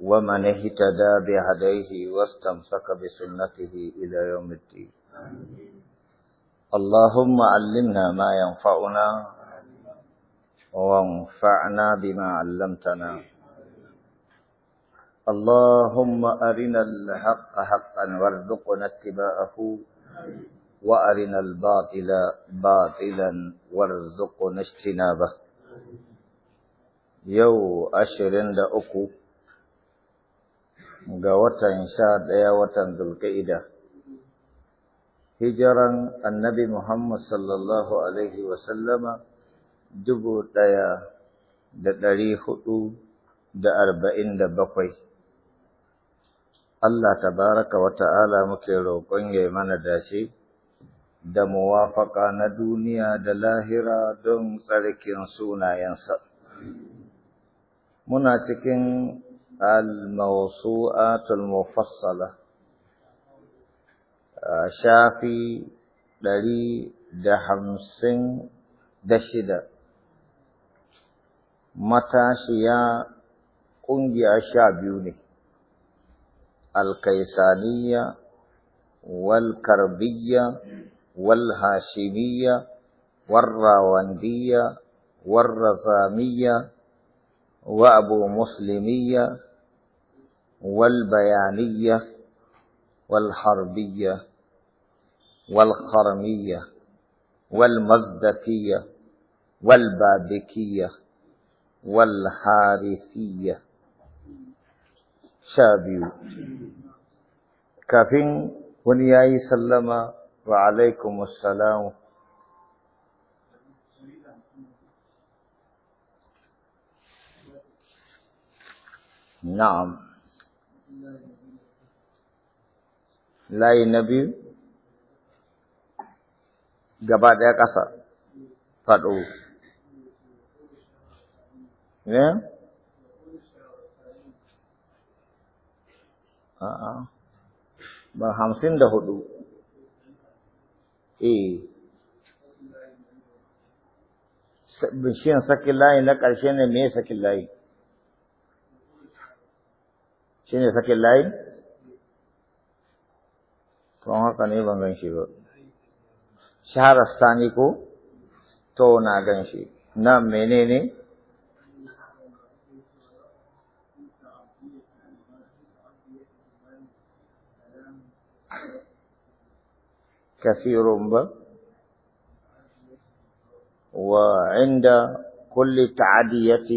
ومن اهتدى بهديه واستمسك بسنته إلى يوم الدين اللهم علمنا ما ينفعنا وانفعنا بما علمتنا اللهم أرنا الحق حقا وارزقنا اتباعه وأرنا الباطل باطلا وارزقنا اجتنابه يو أشرن لأكو ga watan sha ɗaya watan zulka'ida hijiran annabi muhammad sallallahu alaihi wasallama dubu ɗaya da ɗari hudu da arba'in da bakwai Allah tabaraka wa ta'ala muke roƙon ya mana dace da muwafaƙa na duniya da lahira don tsarkin sunayensa. Muna cikin الموسوعة المفصلة شافي دري دهمسين دشدة matashiya ƙungiya sha biyu ne, alkaisaniya, walkarbiya, walhashimiya, warrawandiya, warrazamiya, wa abu muslimiya, والبيانية والحربية والخرمية والمزدكية والبابكية والحارثية شابيو كافين kafin سلم وعليكم السلام نعم layi na biyu gaba ɗaya ƙasa faɗo ne a'a ba hamsin da hudu eh sakin layi na ƙarshe ne me sakin layi shi ne sakin layi don haka ne ban gan ba shahara sani ko to na gan nan menene كثير با وعند كل تعدية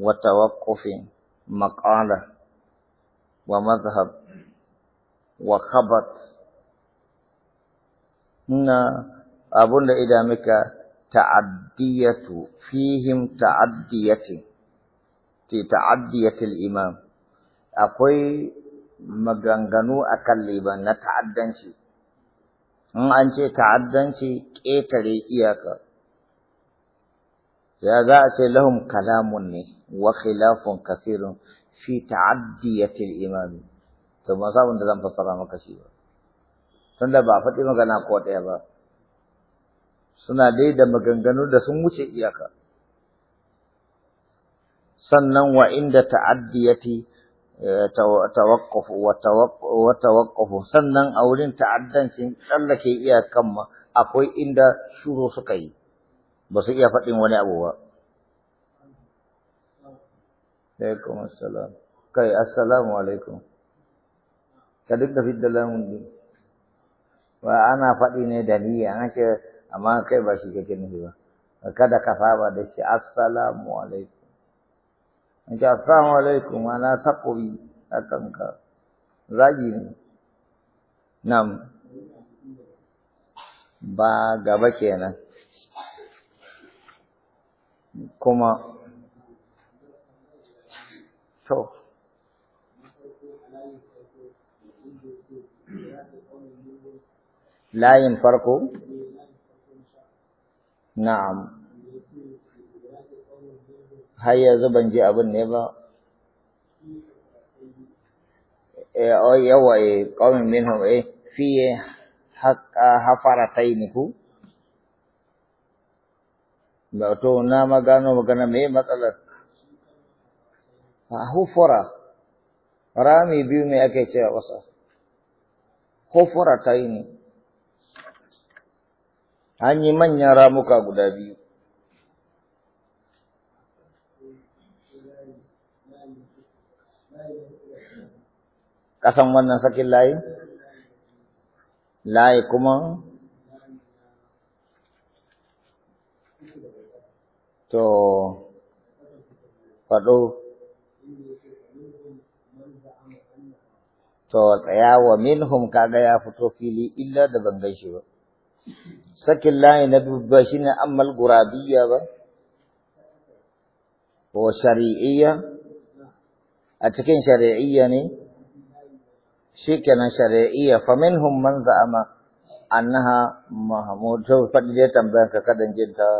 وتوقف مقالة ومذهب وخبط إن أبونا إذا مك تعدية فيهم تعدية في تعدية الإمام أقوي مغانغانو أكل إبا نتعدن شي إن أنت تعدن شي كيتري إياك جاءت لهم كلام وخلاف كثير في تعدية الإمام ثم صاحبنا لم تصرى مكشيبا tunda ba faɗi magana ko ɗaya ba suna dai da maganganu da sun wuce iyaka sannan wa inda ta'addiyati eh, tawaqquf wa tawaqquf sannan a wurin ta'addancin tsallake iyakan ma akwai inda shuru suka yi ba su iya faɗin wani abu ba alaikum assalam kai assalamu alaikum ka duk da fidda din wa ana faɗi ne da ni an ce amma kai ba shi kake nufi ba kada ka saba da shi assalamu alaikum an ce assalamu alaikum ana takobi a kanka zagi ne nam ba gaba kenan kuma to layin farko na'am har yanzu ban ji abin ne ba eh, oh, yawa e eh, qaumin minhum e fi haqqa hafarataini ku ba to na magano magana me matsalar ah, hufura rami biyu me ake cewa wasa hufura taini an yi manyan ramuka guda biyu ƙasan wannan sakin layi layi kuma to faɗo to wa minhum kaga ya fito fili illa da ban gaishe ba سکل لائن نبی بباشین اما القرابی با و شریعی اتکین شریعی نی شکن شریعی فمن هم من زعما انها محمود شو فتن جی تنبیہ کا قدن جی تا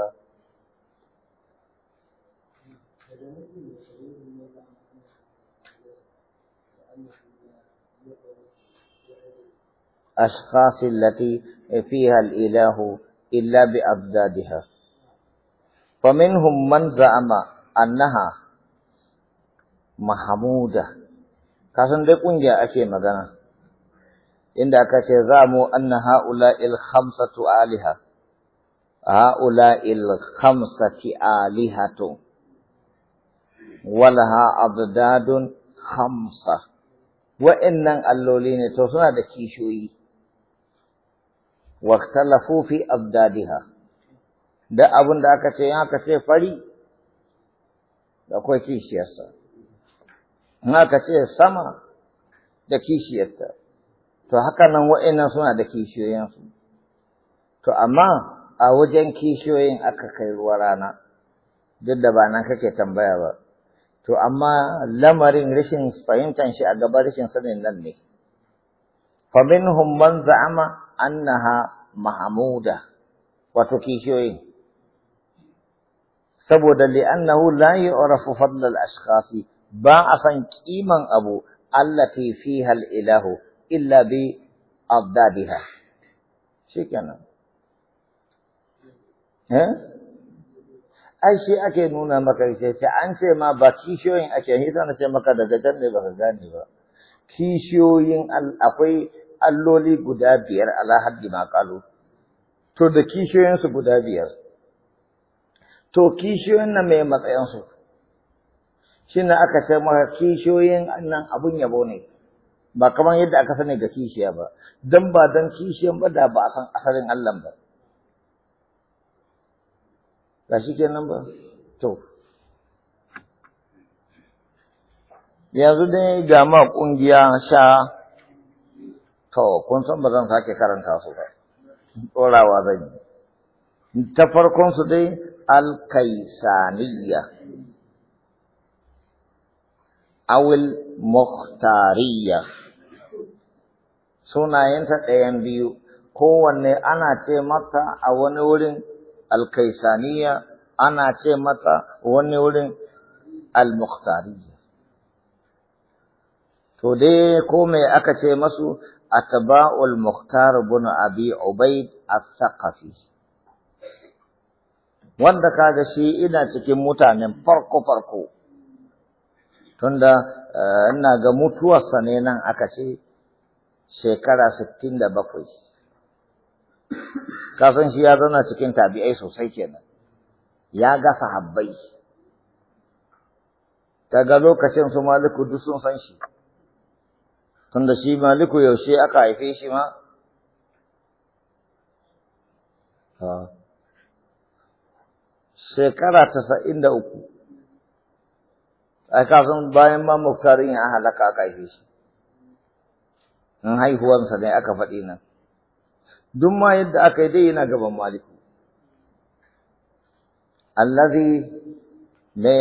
أشخاص التي فيها الإله إلا بأضدادها فمنهم من زعم أنها محمودة كاسن دي كونجا أشي مغانا عند كاشي زعموا أن هؤلاء الخمسة آلهة هؤلاء الخمسة آلهة ولها أضداد خمسة wa'annan alloli ne to suna da kishiyoyi واختلفوا في أبدادها da abin da aka ce aka ce fari da akwai kishiyarsa aka ce sama da kishiyarta to haka nan wa'annan suna da kishiyoyinsu to amma a wajen kishiyoyin aka kai ruwa rana duk da ba nan kake tambaya ba to amma lamarin rashin fahimtar shi a gaba rashin sanin nan ne fa minhum man za'ama annaha mahmuda wato kishiyoyi saboda li'annahu la yu'rafu fadl al-ashkhasi ba a san kiman abu allati fiha al-ilahu illa bi addabiha shikenan eh ai shi ake nuna maka sai an ce ma ba kishiyoyin ake yi sai na ce maka daga can ne baka gane ba kishiyoyin akwai alloli guda biyar ala haddi ma to da kishiyoyin su guda biyar to kishiyoyin nan mai matsayin su na aka ce maka kishiyoyin nan abun yabo ne ba kamar yadda aka sani ga kishiya ba dan ba dan kishiyan ba da ba a san asalin Allah ba ba shi kenan ba to yanzu dai ga ma kungiya sha To, kun san ba zan sake karanta su ba, ɗorawa zan yi. Ta su dai alkaisaniya, awil muhtariya, sunayenta ɗayan biyu, kowanne ana ce mata a wani wurin alkaisaniya, ana ce mata wani wurin almuhtariya. To dai ko me aka ce masu أتباع المختار بن أبي عبيد الثقفي wanda kaga shi ina cikin mutanen farko farko tunda ina ga mutuwarsa ne nan aka ce shekara 67 kasan shi ya zana cikin tabi'ai sosai kenan ya ga sahabbai daga lokacin su maliku duk sun san shi tunda shi maliku yaushe aka haife shi ma shekara tasa'in da uku a kasan bayan ma muktarin ya halaka aka haife shi in haihuwansa ne aka faɗi nan duk ma yadda aka yi dai yana gaban maliku allazi ne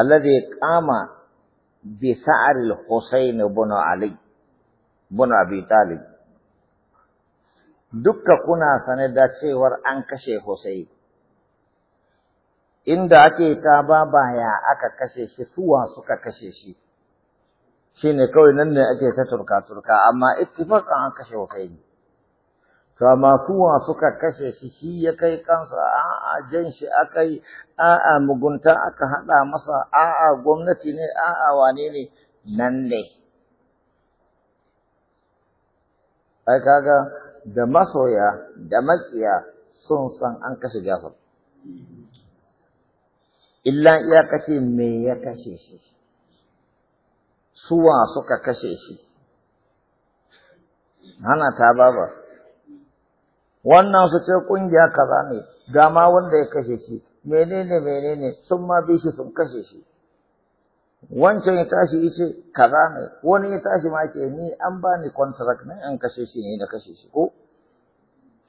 allazi kama بسعر الحسين بن علي بن أبي طالب dukka kuna sane da cewar an kashe Hussein inda ake ta babaya aka kashe shi suwa suka kashe shi shine kawai nan ne ake ta turka turka amma ittifaqan an kashe Hussein kama wa suka kashe shi shi ya kai kansa a'a jan shi aka yi a'a mugunta aka haɗa masa a'a gwamnati ne a'a wane ne nan ne ai kaga da masoya da maƙiya sun san an kashe jafar illa iya me ya kashe shi suwa suka kashe shi hana ta baba wannan su ce ƙungiya kaza ne ga wanda ya kashe shi menene menene sun ma bi shi sun kashe shi wancan ya tashi ya kaza ne wani ya tashi ma ke ni an ba ni contract ne an kashe shi ne da kashe shi ko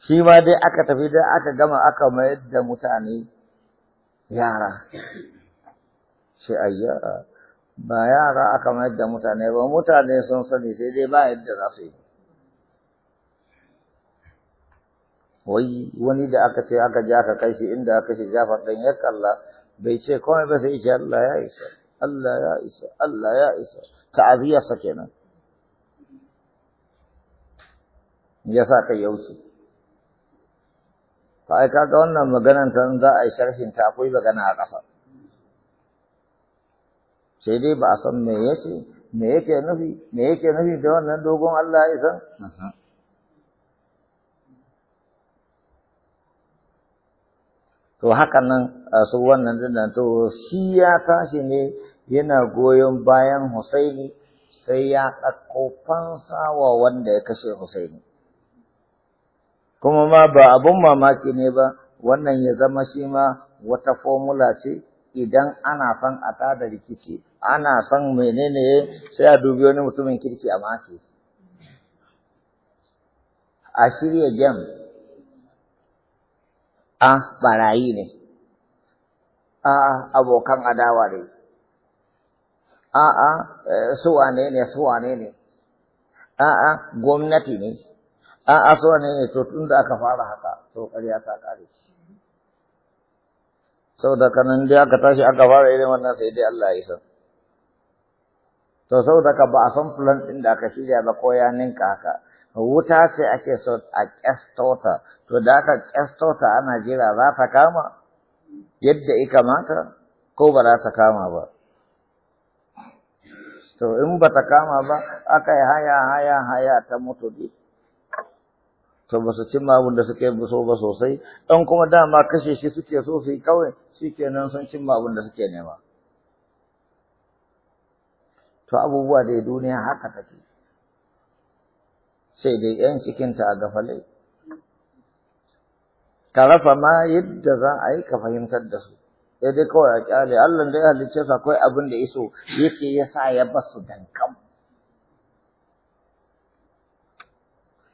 shi ma dai aka tafi dai aka gama aka mayar da mutane yara shi ayya ba yara aka mayar da mutane ba mutane sun sani sai dai ba yadda za su yi wai wani da aka ce aka ja ka kai shi inda aka ce ja ɗan ya kalla bai ce komai ba sai ce Allah ya isa Allah ya isa Allah ya isa sake kenan ya sa kai yauci fa ai kaga wannan maganar san za a yi sharhin ta akwai magana a ƙasa sai dai ba a san me yake me yake nufi me yake nufi da wannan dogon Allah ya isa to haka nan su wannan dinnan to shi ya tashi ne yana goyon bayan Husaini sai ya ɗauko fansa wa wanda ya kashe Husaini. Kuma ma ba abun mamaki ne ba wannan ya zama shi ma wata fomula ce idan ana son a tada rikici ana son menene sai a dubi wani mutumin kirki a maki. A shirya jam. a ah, barayi ne, a ah, abokan adawa ne, a ah, a eh, wane ne wane ne, a a gwamnati ne, a a wane ne to tun da aka fara haka to ƙarya ta ƙare. Sau da kanan dai aka tashi aka fara irin wannan sai dai Allah ya san. To sau da ka ba a san fulan ɗin da aka shirya ba ko ya ninka haka, wuta ce ake so a kyastota to da aka kyastota ana jira za ta kama yadda ya kamata ko ba za ta kama ba to in ba ta kama ba aka yi haya haya haya ta mutu ne to ba su cimma abin da suke so ba sosai ɗan kuma dama kashe shi suke so su yi kawai shi kenan sun cimma abin da suke nema to abubuwa dai duniya haka take sai dai ‘yan cikinta a gafale. Ka rafa ma yadda za a yi ka fahimtar da su, sai dai kawai a kyale, Allah da ya halicce su akwai abin da iso yake ya sa ya basu dankam.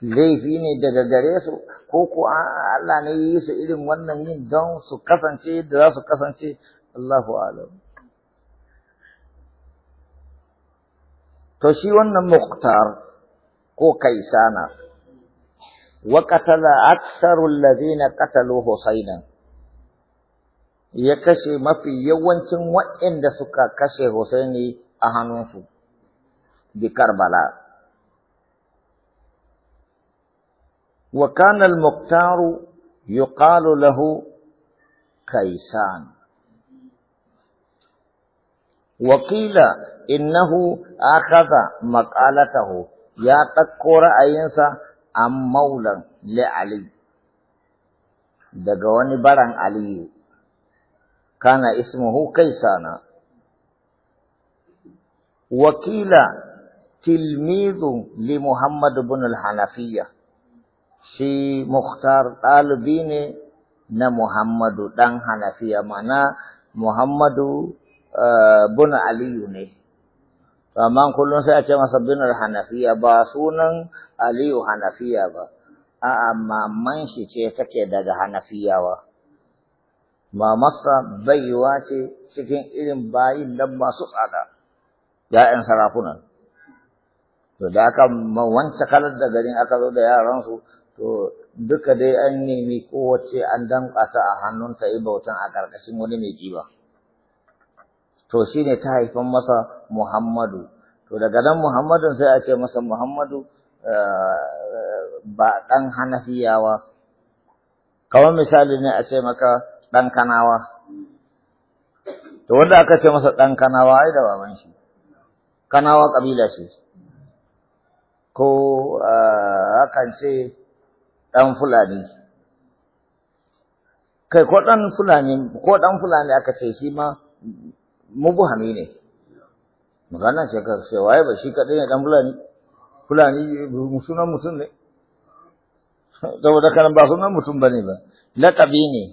Laifi ne daga gare su, ko ko Allah ne yi su irin wannan yin don su kasance yadda za su kasance, Allahu alam. To shi wannan muktar ko kaisana wa qatala aktsaru alladhina qatalu husayna ya kashe mafi yawancin waɗanda suka kashe Husaini a hannunsu bi Karbala wa kana al-muqtar yuqalu lahu kaisan وقيل إنه أخذ مقالته ya ɗauko ra'ayinsa an maulan li'ali daga wani baran aliyu kana ismuhu sana wakila tilmizu li muhammad ibn al-hanafiya shi muhtar ɗalibi ne na muhammadu ɗan hanafiya mana muhammadu eh, bin aliyu ne amma kullum sai a ce masa binar hanafiya ba sunan aliyu hanafiya ba a'a maman shi ce take daga hanafiya hanafiyawa masa baiwa ce cikin irin bayin nan masu tsada ya'yan sarakunan to da aka wance kalar da garin aka zo da yaransu to duka dai an nemi kowace an danƙa ta a hannunta yi bautan a ƙarƙashin wani mai jiba. to shine ta haifan masa Muhammadu to daga nan Muhammadu sai a ce masa Muhammadu eh, ba ɗan Hanafiyawa kamar misali ne a ce maka ɗan Kanawa to wanda aka ce masa ɗan Kanawa ai da baban shi Kanawa kabila ce ko eh, akan ce ɗan Fulani kai ko ɗan fulani ko ɗan fulani aka ce shi ma mubuhami ne magana ce ka ce waye ba shi kadai ne dan fulani fulani sunan mutum ne saboda kana ba sunan mutum bane ba laqabi ne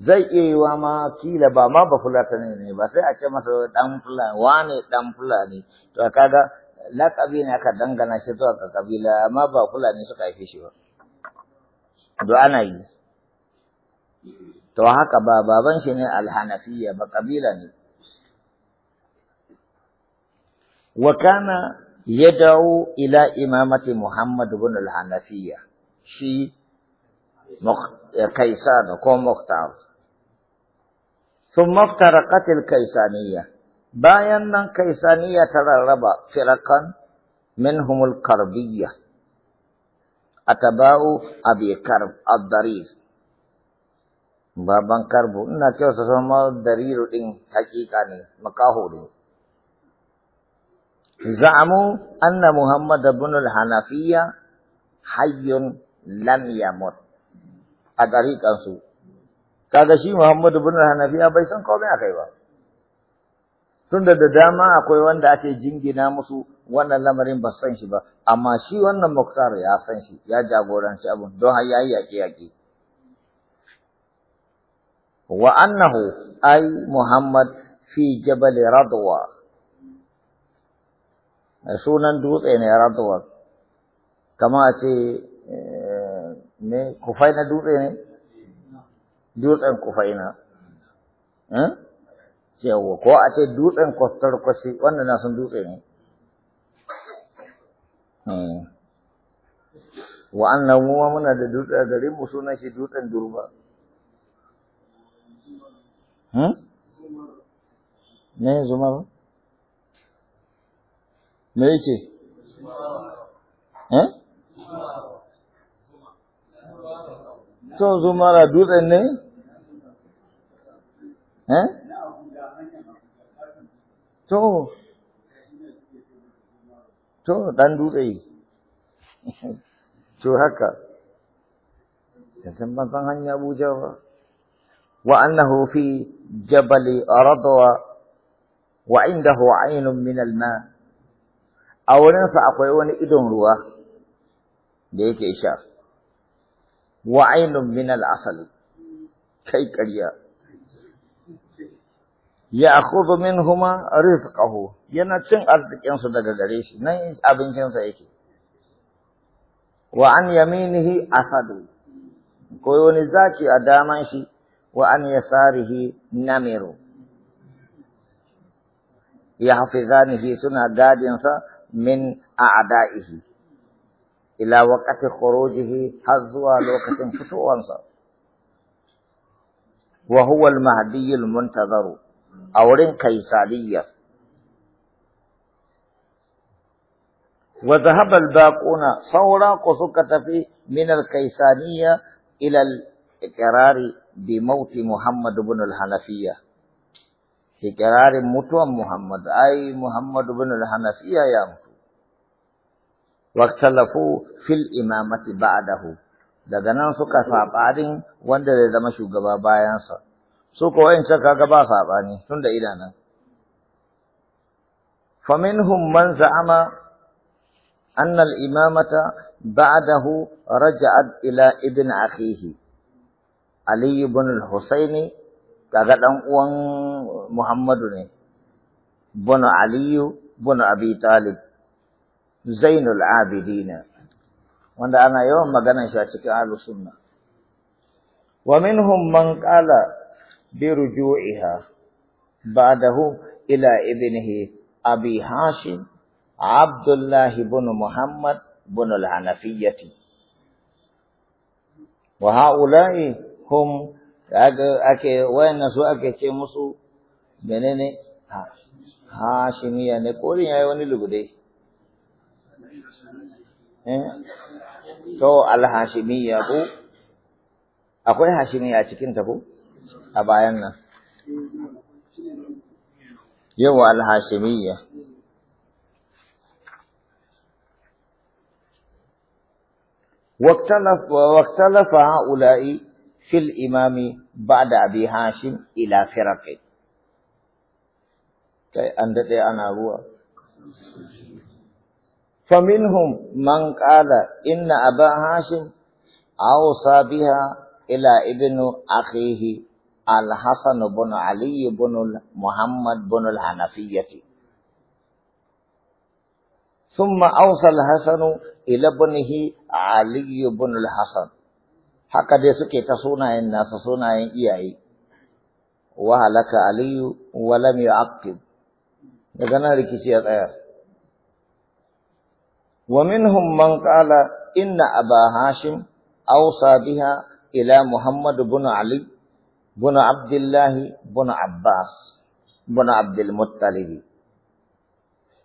zai iya yi wa ma kila ba ma ba fulata ne ba sai a ce masa dan fulani wane dan fulani to kaga laqabi ne aka dangana shi zuwa ga kabila amma ba fulani suka haife shi ba do ana yi to haka ba baban shi ne alhanafiya ba kabila ne وكان يدعو إلى إمامة محمد بن الحنفية في كيسان كوم مختار ثم افترقت الكيسانية باين كيسانية تغرب فرقا منهم الكربية أتباو أبي كرب الضرير بابا كرب إنك يوسف الضرير إن حقيقة مكاهو زعموا أن محمد بن الحنفية حي لم يمت a ɗariƙansu kaga shi Muhammadu bin Hanafiya bai san komai kai ba tunda da dama akwai wanda ake jingina musu wannan lamarin ba san shi ba amma shi wannan Muktar ya san shi ya jagoranci abun don har yayi yaƙe yake wa annahu ay Muhammad fi jabal Radwa Eh, sunan dutse ne raduwar kama a ce eh, me kufai na dutse ne dutsen kufai na cewa eh? ko a ce dutsen kwastar kwashi wannan na sun dutse ne hmm. wa'annan muwa muna da dutse a garin mu sunan shi dutsen durba ne hmm? zuma ba ماشي ها سوزو مارا دود اني ها تو تو دان دود اي تو هكا سمان فانغان يا ابو جاوة وانه في جبل ارضوى وعنده عين من الماء a wurinsa akwai wani idon ruwa da yake sha wa ainun min al kai ƙarya ya akhudhu huma rizqahu yana cin arzikin su daga gare shi nan abincin sa yake wa an yaminihi asadu koi wani zaki a daman shi wa an yasarihi namiru ya hafizanihi suna gadin sa من أعدائه إلى وقت خروجه حظوا لوقت وانصر وهو المهدي المنتظر أورين كيسالية وذهب الباقون صورا قصوكة في من الكيسانية إلى الإقرار بموت محمد بن الحنفية إقرار متوى محمد أي محمد بن الحنفية يا محمد waktalafu fil imamati ba'dahu daga nan suka saɓarin wanda zai zama shugaba bayansa su ko in can kaga ba saɓani tun da ina nan minhum man za'ama anna al-imamata ba'dahu raja'at ila ibn akhihi ali ibn al-husaini kaga dan uwan muhammadu ne bunu aliyu bunu abi talib Zainul Abidina wanda ana yawan maganar shi a cikin Ahlus Sunna wa minhum man qala bi ruju'iha ba'dahu ila ibnihi Abi Hashim Abdullah ibn Muhammad ibn al-Hanafiyyah wa haula'i hum ake wayanna su ake ce musu menene Hashimiyya ne korin yayi wani lugude Eh? to al-hashimiyya ko akwai hashimiyya cikin ta ko a bayan nan yawa alhashimiyya واختلف واختلف هؤلاء fil Imami Bada abi Hashim ila فرق kai an dade ana ruwa فمنهم من قال إن أبا هاشم أوصى بها إلى ابن أخيه الحسن بن علي بن محمد بن الحنفية ثم أوصى الحسن إلى ابنه علي بن الحسن هكذا سكت سنة الناس سنة إياه وهلك علي ولم يعقب لكن هذا كيسير wa من قال إن أبا هاشم أوصى بها إلى محمد بن علي بن عبد الله بن عباس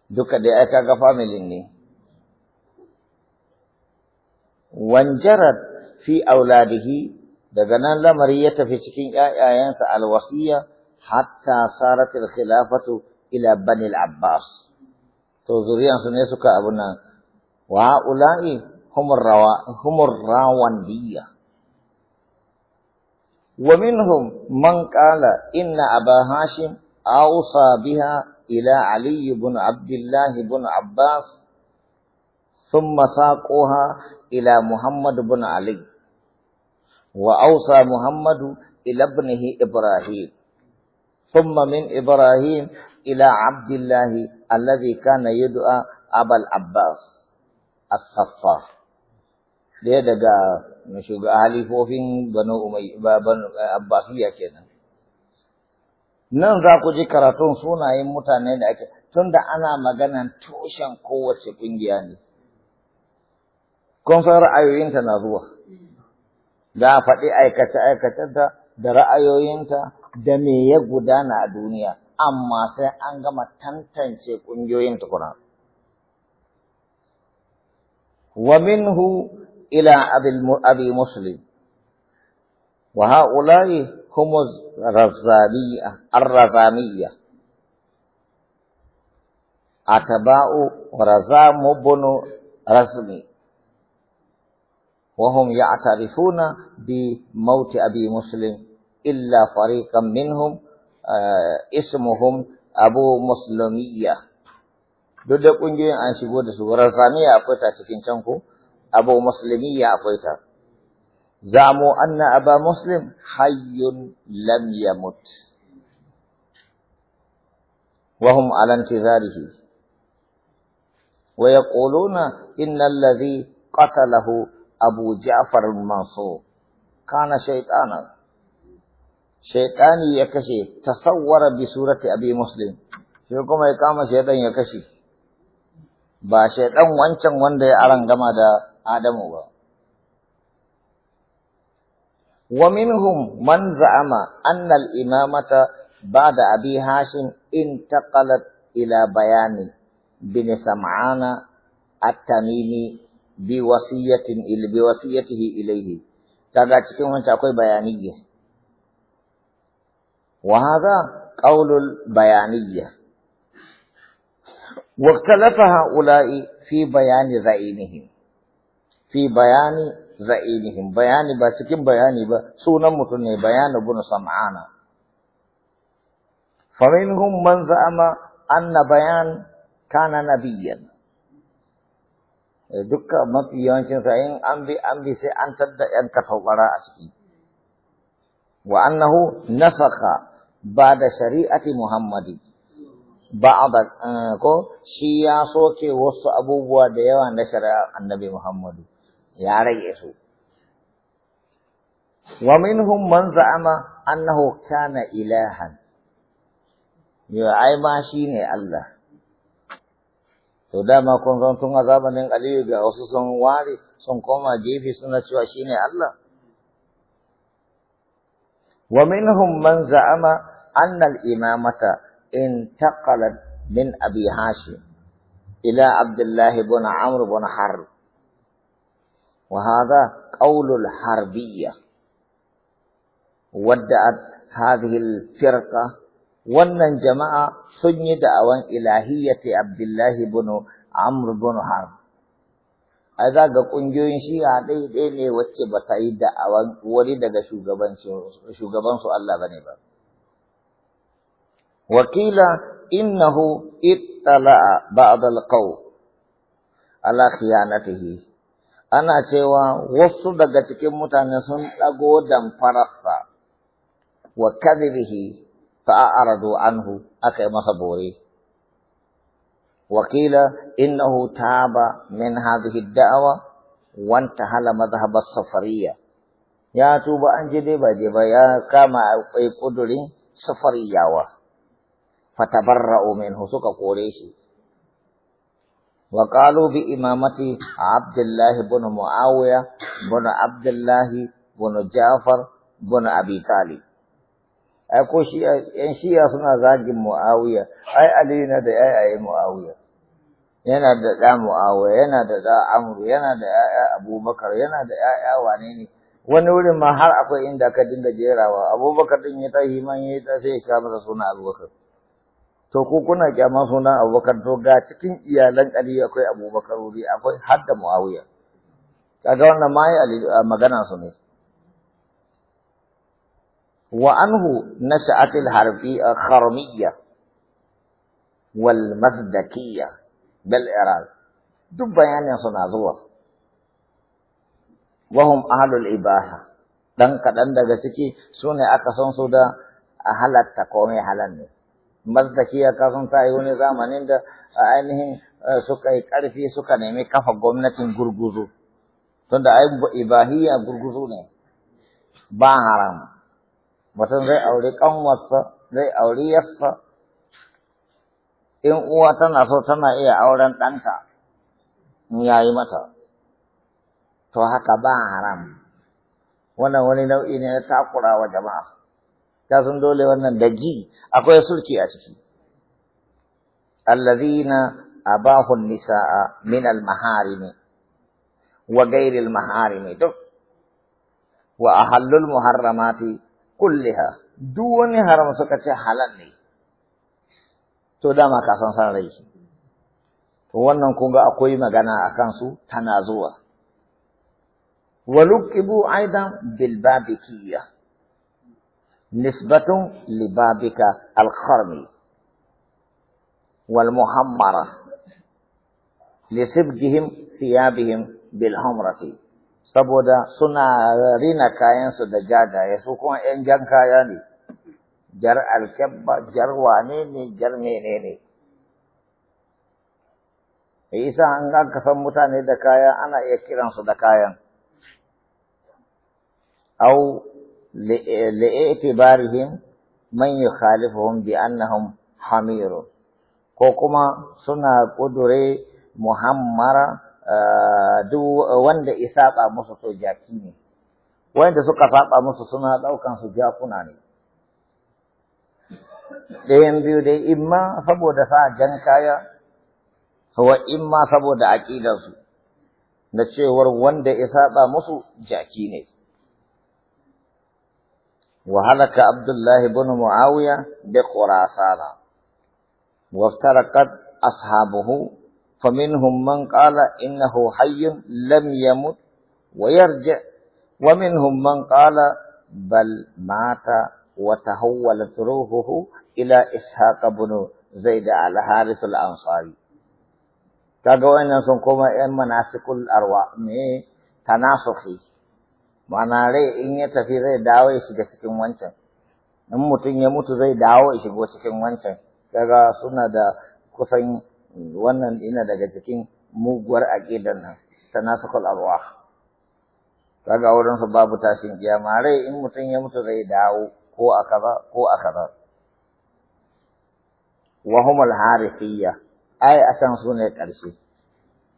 duka da aka ga familin ne wanjarat fi auladihi daga nan lamari ya tafi cikin ƴaƴayensa alwasiya hatta sarat khilafatu ila bani abbas to su ne suka abuna wa ula'i humur rawa humur rawandiyya wa minhum man qala inna aba hashim awsa biha ila ali ibn abdullah ibn abbas ثم ساقوها إلى محمد بن علي وأوصى محمد إلى ابنه إبراهيم ثم من إبراهيم إلى عبد الله الذي كان يدعى أبا abbas. as saffah Dia daga ahli halifofin banu umay baban eh, Abbasiyya kenan nan za ku ji karatun sunayen mutane da ake tunda ana maganan tushen kowace kungiya ne kun san ra'ayoyinta na zuwa za a faɗi aikace aikacenta da ra'ayoyinta da me ya gudana a duniya amma sai an gama tantance ƙungiyoyin tukuna. ومنه إلى أبي مسلم وهؤلاء هم الرزامية الرزامية أتباع رزام بن رزمي وهم يعترفون بموت أبي مسلم إلا فريقا منهم آه، اسمهم أبو مسلمية duk da ƙungiyoyin an shigo da su rasamiya akwai ta cikin can ko abu musulmi ya akwai ta zamo anna aba muslim hayyun lam yamut wa hum ala intizarihi wa yaquluna innal ladhi qatalahu abu ja'far al-mansur kana shaytanan shaytani ya kashe tasawwara bi surati abi muslim sai kuma ya kama shaytan ya kashe ba shaidan wancan wanda ya gama da Adamu ba. Wa minhum man za'ama anna al-imamata ba'da Abi Hashim intaqalat ila bayani bin Sam'ana at-Tamimi bi wasiyatin il bi wasiyatihi ilayhi. Kaga cikin wancan akwai bayaniyya. Wa hadha qaulul bayaniyya واختلفها اولئي في بيان زعينهم في بيان زعينهم بيان cikin bayani ba sunan mutum ne bayan ibn sam'ana فمنهم من زعم ان بيان كان نبيا dukkan mafi yawancin sa in an bi an bi sai an tadda yan kafawara a ciki wa annahu nafaka ba da shari'ati muhammadi Ba ba'ad eh, ko shi ya soke wasu abubuwa da yawa na shari'ar annabi Muhammadu ya rage su wa minhum man za'ama annahu kana ilahan ya ai ma shine Allah to dama kun san tun azabanin Aliyu ga wasu sun ware sun koma gefe suna cewa shine Allah wa minhum man za'ama annal imamata انتقلت من ابي هاشم الى عبد الله بن عمرو بن حرب وهذا قول الحربيه ودعت هذه الفرقه ونن الجماعة سجد او الهيه عبد الله بن عمرو بن حرب اذا قنجوين شيعه دي دي ني وچه بتاي دعوة ولي دغه شوغبان شوغبان سو الله بني بني. wakila innahu ittalaa بعض القوم على خيانته ana cewa wasu daga cikin mutane sun ɗago damfararsa wa kadhibihi fa'aradu anhu aka yi masa bore wakila innahu taba min hadhihi da'wa wa intahala madhhab as-safariyya ya tuba an je dai ba je ba ya kama kudurin safariyawa fatabarra'u minhu suka kore shi wa qalu bi imamati Abdullahi ibn Muawiya ibn Abdullahi ibn Ja'far ibn Abi Talib ai ko shi yan shiya suna zagin Muawiya ai Ali na da yayaye Muawiya yana da da Muawiya yana da da amru, yana da yaya Abubakar yana da yaya wane ne wani wurin ma har akwai inda ka dinga jerawa Abubakar din ya tahi man ya ta sai ya kama suna Abubakar to ko kuna kyama sunan abubakar to ga cikin iyalan ali akwai abubakar wuri akwai har da muawiya kaga wannan ma magana su ne wa anhu nasha'at al-harbi kharmiyya wal mazdakiyya bil iraq duk bayanin suna zuwa wahum ahlul ibaha dan kadan daga ciki sune aka san su da halatta komai halal ne mazdakiya kasan ta yi wani zamanin da ainihin eh, suka yi ƙarfi suka nemi kafa gwamnatin gurguzu tunda ai ibahiyya gurguzu ne ba haram mutum zai aure ƙanwarsa zai aure yarsa in uwa tana so tana iya auren ɗanta in yayi mata to haka ba haram wannan wani nau'i ne na takurawa jama'a ta san dole wannan daji akwai sulki a ciki allazina abahu nisaa min al maharimi wa ghairi al maharimi duk wa ahallu al muharramati kulliha duk wani haram suka ce halal ne to dama ka san san rai to wannan kun ga akwai magana akan su tana zuwa aidan bil babikiyya نسبة لبابك الخرمي والمحمرة لسبجهم ثيابهم بالحمرة saboda suna rina kayansu da jajaye su kuma ‘yan jan kaya ne, jar alkyabba, jar wane ne, jar mene ne. Me isa an ganka san mutane da kaya ana iya kiransu da kayan. Au li'itibarihim man yukhalifuhum bi annahum hamirun ko kuma suna kudure muhammara duk wanda isaba musu to jaki ne wanda suka saba musu suna daukan su jakuna ne ɗayan biyu dai imma saboda sa jan kaya wa imma saboda aƙidarsu na cewar wanda ya musu jaki ne وهلك عبد الله بن معاوية بخراسان وافترقت أصحابه فمنهم من قال إنه حي لم يمت ويرجع ومنهم من قال بل مات وتحولت روحه إلى إسحاق بن زيد على حارث الأنصاري كما أن سنكوما إن مناسك الأرواح تناسخي Ma'ana rai in ya tafi zai dawo ya shiga cikin wancan. In mutum ya mutu zai dawo ya shigo cikin wancan. Kaga suna da kusan wannan ina daga cikin muguwar aƙidar nan ta nasakul arwah. Kaga su babu tashin kiyama rai in mutum ya mutu zai dawo ko a kaza ko a kaza. Wahumul harifiyya ai a can su ƙarshe.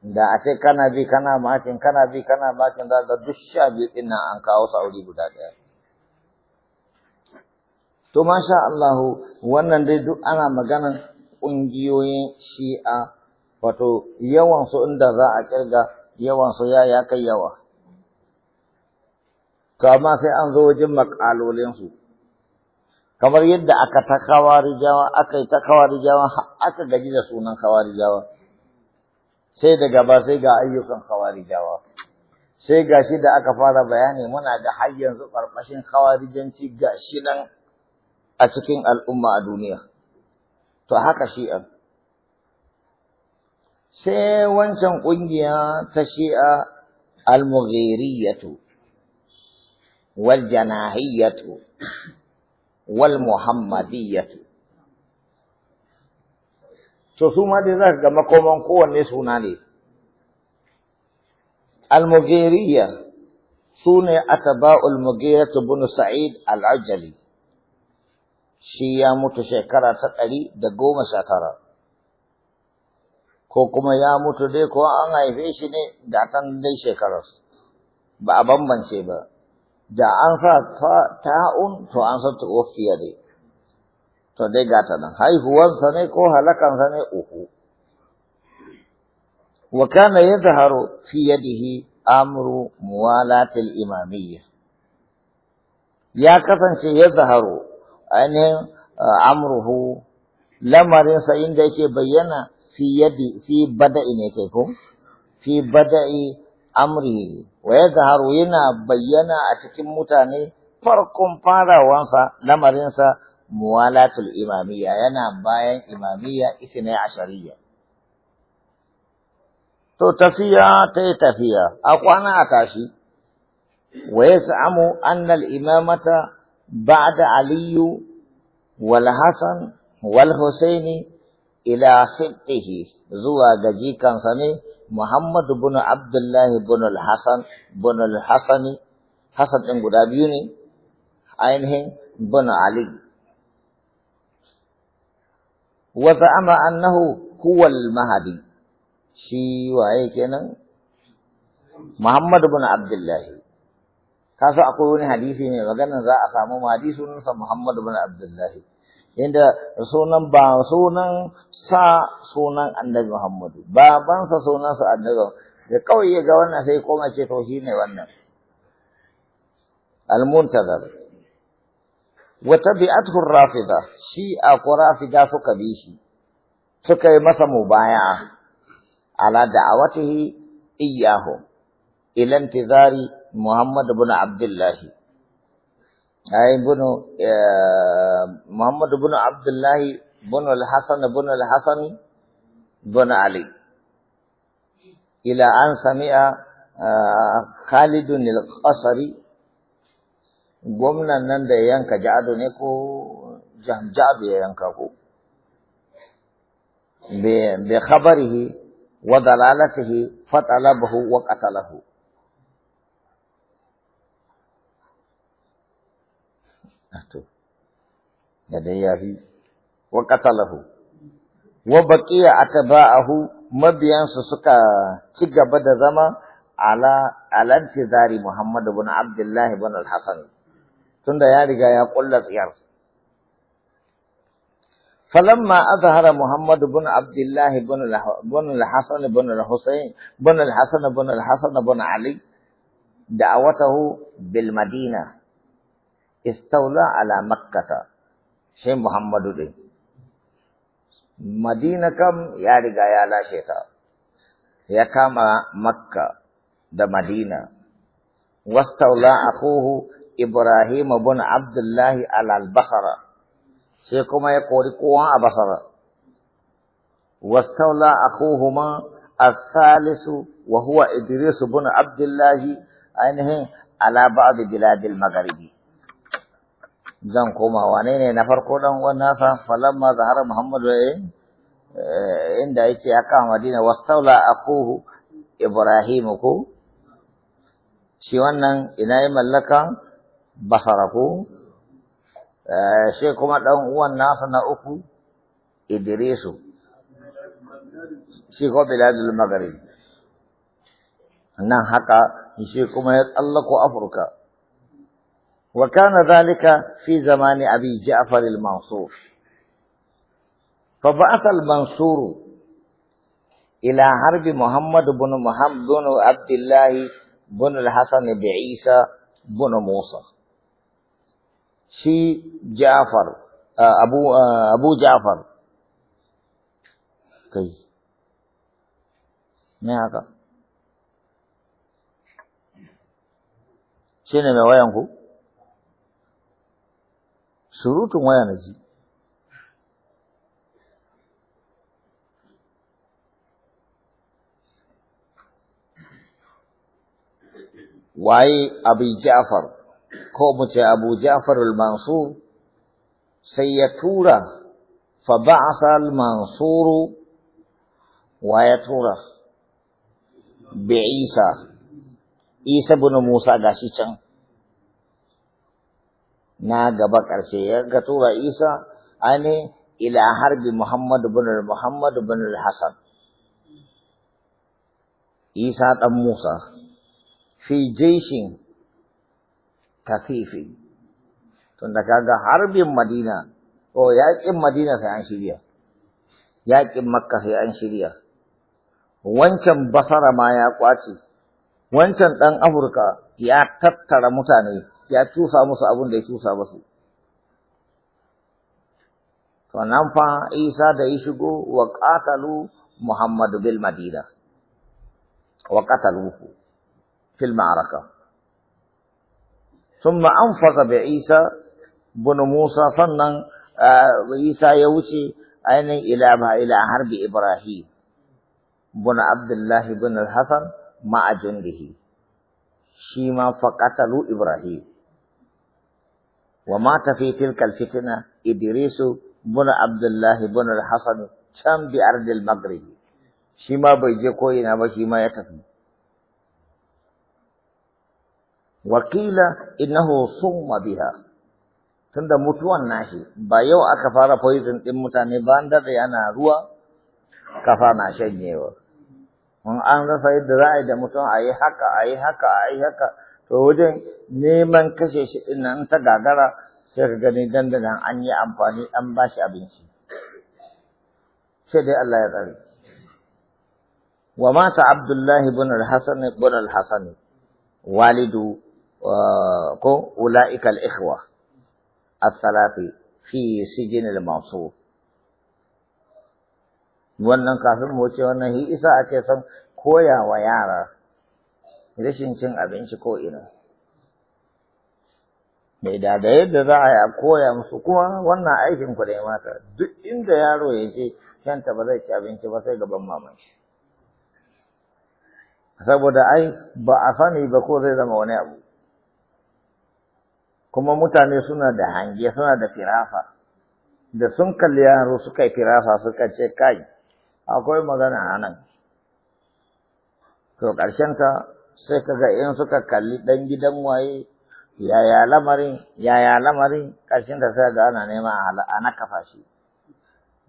da a ce kana bi kana makin kana bi kana makin za ga duk sha biyu ɗin an kawo sauri guda ɗaya to masha Allahu wannan dai duk ana maganan ƙungiyoyin shi'a wato yawan su inda za a kirga yawan su ya ya kai yawa Kama sai an zo wajen makalolin su kamar yadda aka ta kawarijawa aka yi ta aka gaji da sunan kawarijawa sai daga ba sai ga ayyukan khawarijawa sai ga shi da aka fara bayani muna da har yanzu ƙarƙashin khawarijanci ga shi nan a cikin al'umma a duniya to haka shi'a sai wancan ƙungiya ta shi'a al-mughiriyatu wal janahiyatu wal muhammadiyatu to su ma dai za ka ga makoman kowanne suna ne al-mughiriyya sune atba'ul mughirah bunu sa'id al-ajali shi ya mutu shekara ta ɗari da goma sha tara ko kuma ya mutu dai ko an haife shi ne da tan dai shekarar ba a bambance ba da an sa ta'un to an sa ta dai to dai gata nan haihuwansa ne ko halakansa ne uku wa kana yadhharu fi yadihi amru muwalatil imamiyya ya kasance yadhharu ane uh, amruhu lamarinsa inda yake bayyana fi yadi fi bada'i ne kai ko fi bada'i amri wa yadhharu yana bayyana a cikin mutane farkon farawansa lamarinsa muwalatul imamiyya yana bayan imamiyya isnai ashariyya to tafiya ta yi tafiya a kwana a tashi wa ya anna al-imamata ba'da aliyu wal hasan wal husaini ila sibtihi zuwa ga jikansa ne muhammadu bin abdullahi bin al-hasan bin hasani hasan guda biyu ne ainihin bin ali wa za'ama annahu huwal mahdi shi waye kenan Muhammad ibn Abdullah kaso akwai wani hadisi ne magana za a samu mahadi sunansa Muhammad ibn Abdullah inda sunan ba sunan sa sunan Annabi Muhammad babansa sunansa Annabi da kawai ya ga wannan sai koma ce to shine wannan al-muntazir wata bi'atuhur rafida shi a rafida suka bi shi suka yi masa mubaya'a ala da'awatihi iyyahu ila intizari Muhammad ibn Abdullahi, ay ibn eh, Muhammad ibn Abdullahi, ibn al-Hasan ibn al-Hasan ibn Ali ila an sami'a eh, Khalid al-Qasri gwamnan nan da ya yanka ja'adu ne ko ja'adu ya yanka ko bi khabarihi wa dalalatihi fatalabahu wa qatalahu to da dai fi wa qatalahu wa baqiya atba'ahu mabiyansu suka ci gaba da zama ala alantizari Muhammad ibn Abdullah ibn al-Hasan tunda ya riga ya kulla tsiyar. Falamma azhara Muhammad ibn Abdullah ibn al-Hasan ibn al-Husayn ibn al-Hasan ibn al-Hasan ibn Ali bil Madina istawla ala Makkah kam ya riga ya lashe ta ya kama Makkah da Madina wastawla akhuhu Ibrahim bin Abdullahi al-Basra sai kuma ya kori kowa a Basra wastaula akhuhuma al-thalith wa huwa Idris bin Abdullah ainihin ala ba'd al magharibi zan koma wane ne na farko dan wannan nasa falamma zahara muhammad eh, eh, inda yake aka madina wastaula akuhu ibrahim ko shi wannan ina yi mallaka basaraku ko shi kuma ɗan uwan nasa na uku idrisu shi ko biladul maghrib nan haka shi kuma ya tsallako afirka wa kana zalika fi zamani abi ja'far al-mansur fa ba'atha al-mansur ila harbi muhammad ibn muhammad ibn abdullah ibn al-hasan bi isa ibn musa shi Jafar Abu Abu Jafar kai ne haka ne mai wayan ku surutun waya na ji waye Abu Jafar ko mu ce Abu Ja'far al-Mansur sai ya tura fa ba'atha al-Mansur wa ya tura bi Isa Isa ibn Musa gashi can na gaba ƙarshe ya ga tura Isa ane ila harbi Muhammad ibn Muhammad ibn al-Hasan Isa dan Musa fi jaishin tafifi tunda kaga harbin madina ko yaƙin madina sai an shirya yaƙin makka sai an shirya wancan basara ma ya ƙwace wancan ɗan afirka ya tattara mutane ya cusa musu abin da ya cusa musu to nan fa isa da ya shigo wa qatalu muhammadu bil madina wa qataluhu fil ma'araka summa anfasa bi isa bunu musa sannan eh, isa ya wuce ainihin ila ila harbi ibrahim bunu abdullah ibn al-hasan ma ajundihi shi ma fa qatalu ibrahim wa mata fi tilka al-fitna idris bunu abdullah ibn can bi ardil maghrib shi ma bai je ko ina ba shi ma ya tafi wakila innahu summa biha tunda mutuwan nashi ba yau aka fara poison din mutane ba an dade ana ruwa kafa na shanyewa in an rasa yadda za a yi da mutum a yi haka a yi haka a yi haka to wajen neman kashe shi din nan ta gagara sai ka gani dandanan an yi amfani an ba shi abinci sai dai Allah ya tsare wa mata Abdullahi ibn al-Hasan al-Hasan walidu ko ula'ikal ikhwa as-salati fi al-mansur wannan kafin mu wuce wannan hi isa ake son koyawa yara rashin cin abinci ko ina mai da da yadda za a yi koya musu kuma wannan aikin ku ne mata duk inda yaro ya je kanta ba zai ci abinci ba sai gaban maman saboda ai ba a sani ba ko zai zama wani abu kuma mutane suna da hange suna da firasa da sun kalli yaro suka yi firasa suka ce kai akwai magana a nan to ta sai kaga in suka kalli ɗan gidan waye yaya lamarin yaya lamarin ƙarshenta sai ga ana nema a na kafa shi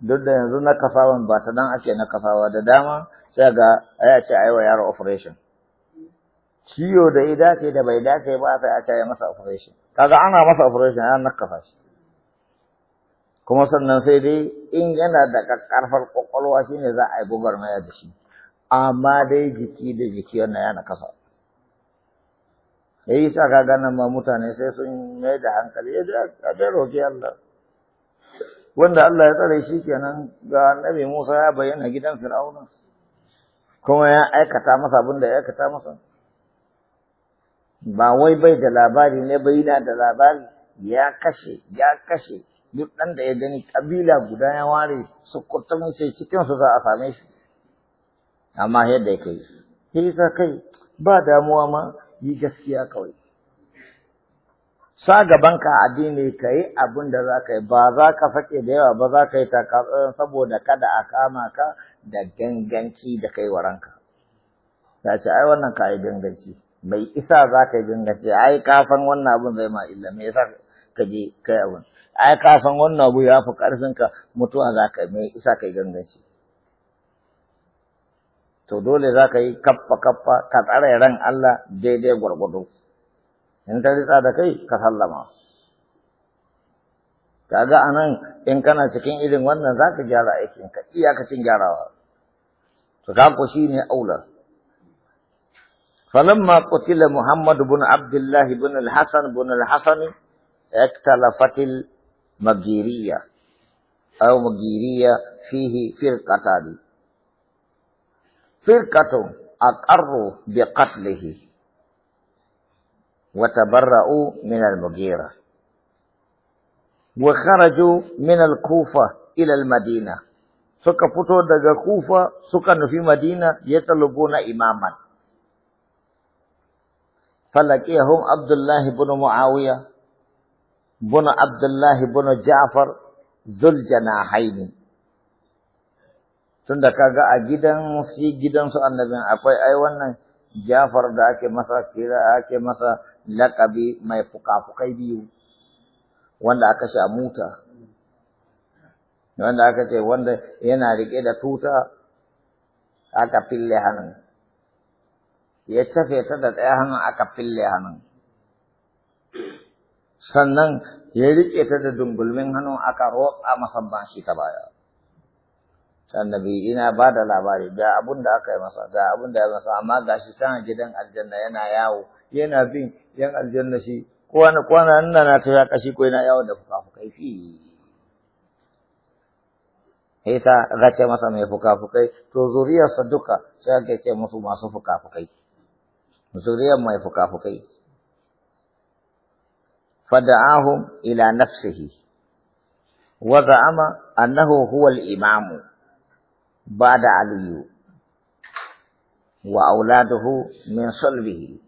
duk da yanzu na kafawan ba ta dan ake na kafawa da dama sai ga a ce a yi wa yaro operation ciwo da ya dace da bai dace ba sai aka yi masa operation kaga ana masa operation an nakasa shi kuma sannan sai dai in yana da karfar kwakwalwa shine za a yi gwagwarmaya da shi amma dai jiki da jiki wannan yana kasa Sai sa kaga nan ma mutane sai sun mai da hankali ya da abin roƙi Allah wanda Allah ya tsare shi kenan ga Annabi Musa ya bayyana gidan Fir'auna kuma ya aikata masa abin da ya aikata masa ba wai bai da labari ne bai yana da labari ya kashe ya kashe duk ɗan da ya gani ƙabila guda ya ware su kutumin sai cikin su za a same shi amma yadda ya kai shi sa kai ba damuwa ma yi gaskiya kawai sa gaban gabanka addini ka yi abin da za ka yi ba za ka faɗi da yawa ba za ka yi takatsan saboda kada a kama ka da ganganci da kai waranka ta ce ai wannan ka yi ganganci mai isa za ka yi ce ai ka wannan abin zai ma illa me yasa ka je kai abin ai ka wannan abu ya fi karfin ka mutuwa za ka mai isa ka yi gangace to dole za ka yi kaffa kaffa ka tsare ran Allah daidai gwargwado in ta ritsa da kai ka sallama Ka kaga anan in kana cikin irin wannan za ka gyara aikinka iyakacin gyarawa to ka ku shine aula فلما قتل محمد بن عبد الله بن الحسن بن الحسن اختلفت المجيرية أو مجيرية فيه فرقتان فرقة أقروا بقتله وتبرؤوا من المجيرة وخرجوا من الكوفة إلى المدينة سكفتوا دقا كوفة سكنوا في مدينة يطلبون إماما فلقيهم عبد الله بن معاوية بن عبد الله بن جعفر ذو الجناحين tunda kaga a gidan shi su annabi akwai ai wannan Jafar da ake masa kira ake masa lakabi mai fukafukai biyu wanda aka sha muta wanda aka ce wanda yana rike da tuta aka fille hannun ya tafe ta da ɗaya hannun aka fille hannun sannan ya riƙe ta da dungulmin hannun aka rotsa musamman shi ta baya annabi ina ba da labari ga abun da aka yi masa ga abun da ya masa amma ga shi sana gidan aljanna yana yawo yana bin yan aljanna shi kwana kwana nan na ta kashi ko yana yawo da fukafukai fi sai ta race masa mai fukafukai to zuriyarsa duka sai ake ce musu masu fukafukai زوریہ مے فکا فکی فدعاهم الى نفسه وزعم انه هو الامام بعد علي واولاده من صلبه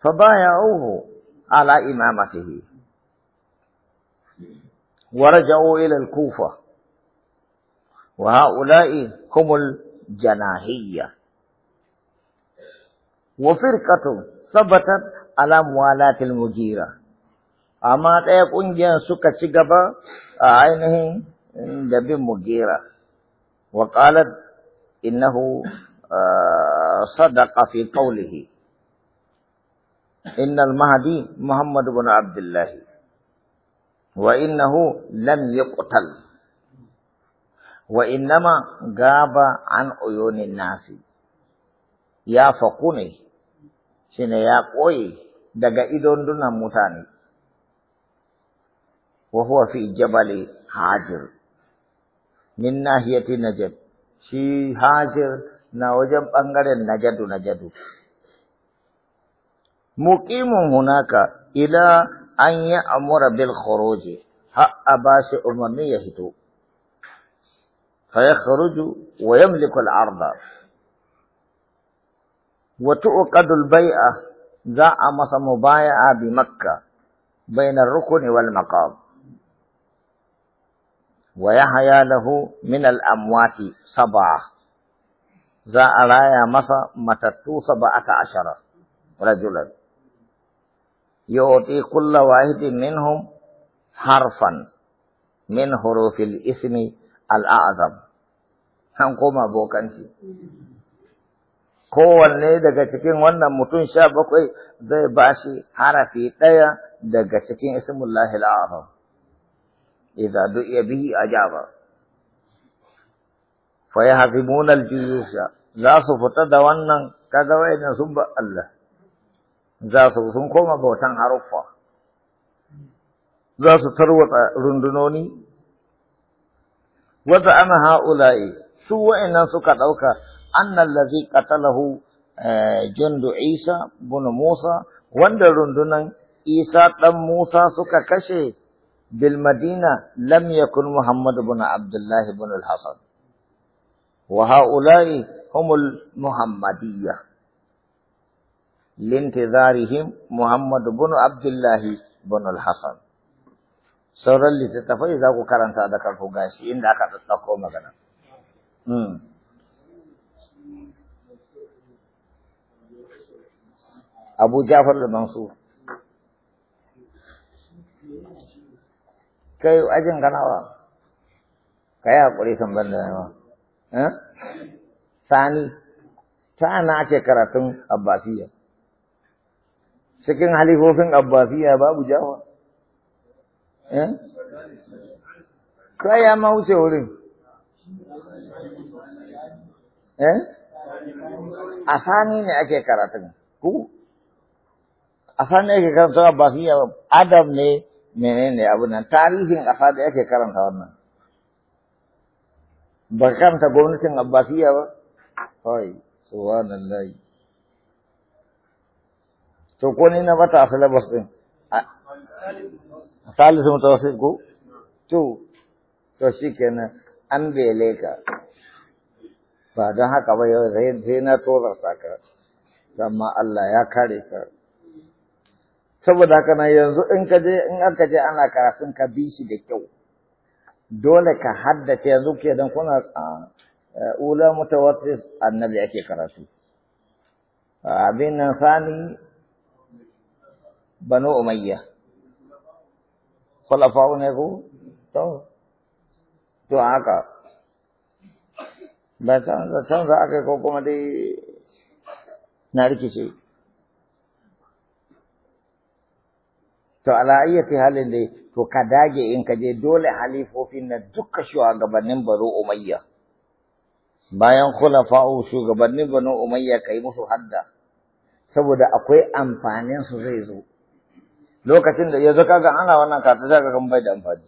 فبايعوه على امامته ورجعوا الى الكوفه وهؤلاء هم الجناهيه وفرقتهم ثبتت على موالات المجيرة أما تكون جنسك تجبا عينهم دب مجيرة وقالت إنه آه، صدق في قوله إن المهدي محمد بن عبد الله وإنه لم يقتل وإنما غاب عن عيون الناس يا فقوني shine ya koye daga idon dunan mutane wa huwa fi jabali hajir min nahiyati najad shi hajir na wajen bangaren najadu najadu muqimun hunaka ila an ya amura bil khuruji har abashi ba umarni ya fito. fa yakhruju wa yamliku al arda وتؤقد البيعة ذا أمس مبايعة بمكة بين الركن والمقام ويحيى له من الأموات سبعة ذا رايا مسا متتو سبعة عشر رجلا يعطي كل واحد منهم حرفا من حروف الاسم الأعظم هنقوم أبوكنشي kowanne daga cikin wannan mutum sha bakwai zai ba shi harafi ɗaya daga cikin ismullahi idan duk ya bihi jaba fa ya yahzimuna al-juyusha za su fita da wannan kagawai na sun ba Allah za su sun koma bautan haruffa za su tarwata rundunoni wata ana ha'ula'i su wa'annan suka ɗauka أن الذي قتله آه، جند عيسى بن موسى وندرندن عيسى بن موسى سكا كشي بالمدينة لم يكن محمد بن عبد الله بن الحسن وهؤلاء هم المحمدية لانتظارهم محمد بن عبد الله بن الحسن سورة اللي تتفايز أكو karanta da فوقاشي إن inda aka ɗaɗɗauko magana. abu jafar da mansur kai ajin ganawa ka yi haƙuri tambar da yawa eh? sani ta na ake karatun abbasiyya cikin halifofin abbasiyya babu Jafar, eh? kai ya ma wuce wurin eh? a sani ne ake karatun ku ƙasa ne yake karanta ba fiya adam ne menene abu nan tarihin ƙasa da yake karanta wannan ba karanta gwamnatin abbasiya ba kawai subhanan layi to ko ne na bata syllabus din salisu wasu ko to to kenan an bele ka ba don haka ba yau sai na tora ka amma Allah ya kare ka saboda haka nan yanzu in ka je in aka je ana karatun ka bi shi da kyau dole ka haddace yanzu ke dan kuna eh, ula mutawassis annabi yake karatu abin nan sani banu umayya khulafa'u ne ku? to to haka ba canza canza aka ko kuma dai na rikice to ala ayyati halin dai to ka dage in ka je dole halifofin na duka shugabannin baro umayya bayan khulafa'u shugabannin banu umayya kai musu hadda saboda akwai amfanin su zai zo lokacin da yanzu kaga ana wannan karatu zaka kan bai da amfani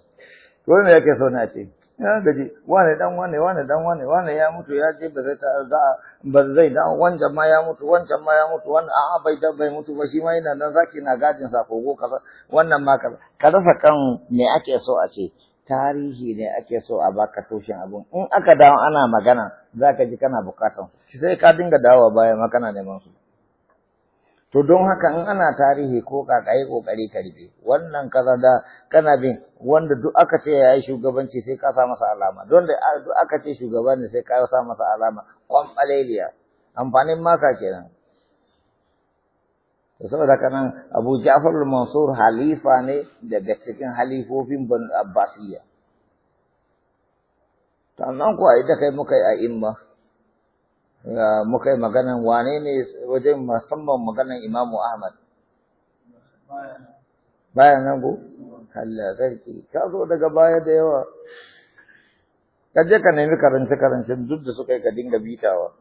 to me yake so na ce ya gaji wane dan wane wane dan wane wane ya mutu ya je ba zai za ba zai da wancan ma ya mutu wancan ma ya mutu wannan a'a bai da bai mutu ba shi ma yana nan zaki na gajin sa kogo kaza wannan ma kaza ka rasa kan me ake so a ce tarihi ne ake so a baka tushen abun in aka dawo ana magana zaka ji kana bukatan sai ka dinga dawowa baya ma kana neman su To don haka in ana tarihi ko kakayi kokari ka rike wannan kaza da kana bin wanda duk aka ce yayi shugabanci sai ka sa masa alama don da duk aka ce shugaba ne sai ka sa masa alama baleliya amfanin maka kenan to saboda kana Abu Ja'far al-Mansur halifa ne daga cikin halifofin Banu Abbasiyya ko ai da kai muka yi a imma muka yi maganan wane ne wajen musamman maganan imamu ahmad bayan nan ku Allah zarki ka zo daga baya da yawa ka je ka nemi karance karancen duk da suka yi ka dinga bitawa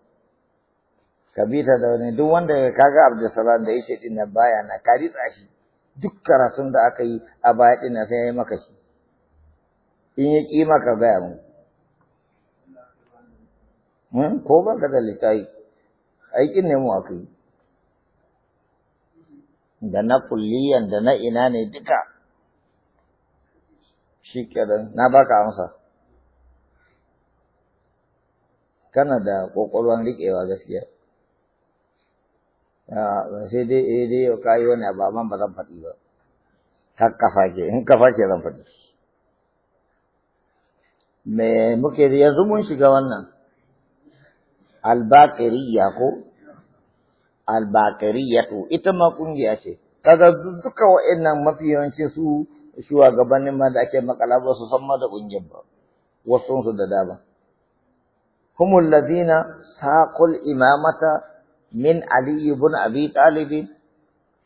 ka bita da wani duk wanda ya kaga Abdulsalam da yake din na baya na ka ritsa shi duk karatun da aka yi a baya din sai ya yi maka shi in ya ƙi maka gaya mu ko ba ka da littafi aikin ne mu aka yi da na kulliyan da na ina ne duka shi kenan na baka amsa kana da ƙwaƙwalwan riƙewa gaskiya sai dai eh dai yau kayi wani abu amma ba zan faɗi ba har kafa ke in kafa ke zan faɗi me muke yanzu mun shiga wannan al ko to ita ma kungiya ce kaga duka wa'annan mafi yawanci su shugabannin ma da ake makala ba su san ma da kungiyar ba wasu su da daba humul ladina saqul imamata min ali ibn abi talib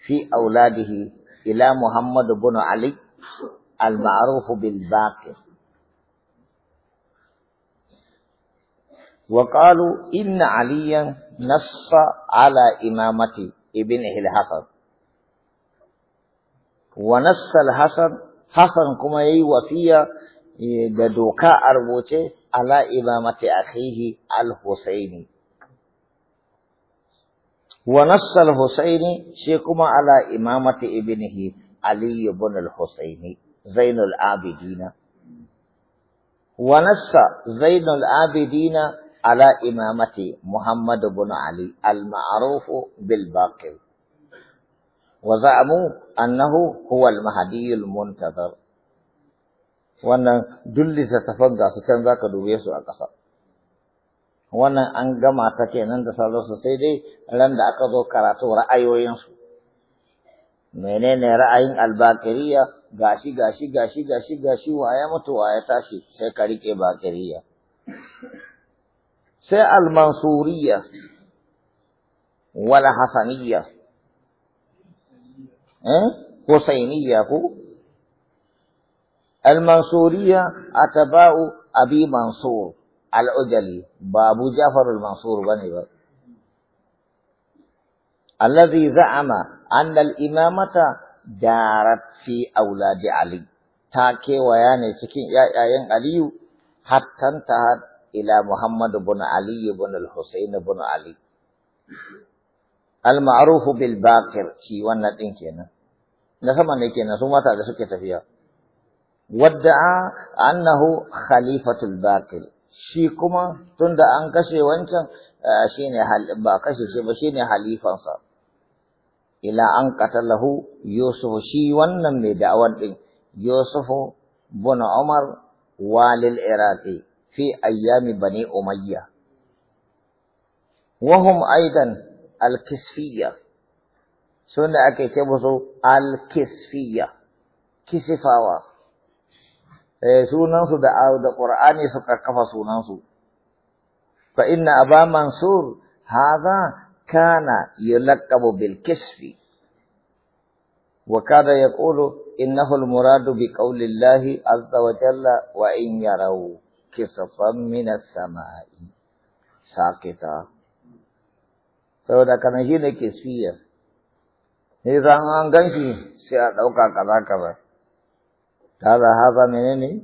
fi auladihi ila muhammad ibn ali al-ma'ruf bil baqir وقالوا ان عليا نص على إمامة ابن الحسن ونص الحسن حسن كما يي وفيا دوكا اربوچه على إمامة اخيه الحسين ونص الحسين شيكما على إمامة ابنه علي بن الحسين زين العابدين ونص زين العابدين على إمامة محمد بن علي المعروف بالباقر وزعموا أنه هو المهدي المنتظر wannan duk littattafan ga su can za ka dube su a ƙasa wannan an gama ta kenan da sauransu sai dai ran da aka zo karatu ra'ayoyinsu menene ra'ayin albakiriya gashi gashi gashi gashi gashi waya mutu waya tashi sai ka riƙe bakiriya sai al-mansuriyya wala hasaniyya eh husainiyya ko al-mansuriyya atba'u abi mansur al-ujali ba abu ja'far al-mansur bane ba alladhi za'ama anna al-imamata darat fi auladi ali ta kewaya ne cikin ƴaƴayen aliyu hatta ta إلى محمد بن علي بن الحسين بن علي المعروف بالباقر شي wannan din kenan da sama ne kenan su mata da suke tafiya wadda'a annahu khalifatul baqir shi kuma tunda an kashe wancan shine ba kashe shi ba shine halifansa ila an qatalahu yusuf shi wannan mai da'awar din yusuf bin umar walil iraqi في أيام بني أمية وهم أيضا الكسفية سنة أكي تبصوا الكسفية كسفاوة إيه، سنانسو دعاو دا قرآن سكا كفا سنانسو فإن أبا منصور هذا كان يلقب بالكسف وكان يقول إنه المراد بقول الله عز وجل وإن يروا kisafan minas sama'i sakita saboda kana shi ne ke siya. ne san an gan shi sai a ɗauka kaza kaza ta za haza menene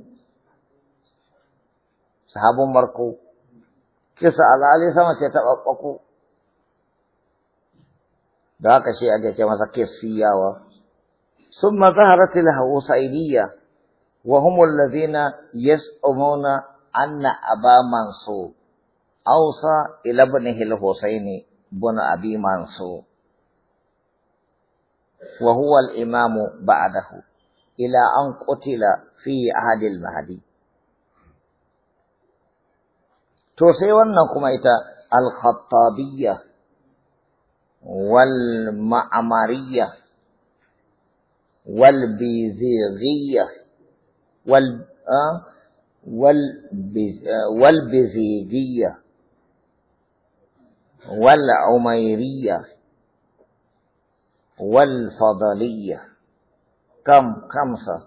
sahabun marko kisa alali sama ce ta ɓaɓɓako da haka shi ake ce masa kesiyawa ثم ظهرت الهوسينيه وهم الذين يزعمون أن أبا منصور أوصى إلى ابنه الحسين بن أبي منصور وهو الإمام بعده إلى أن قتل في عهد المهدي توسيونكم إتا الخطابية والمعمرية والبيزيغية وال... آه والبزيدية والعميرية والفضلية كم خمسة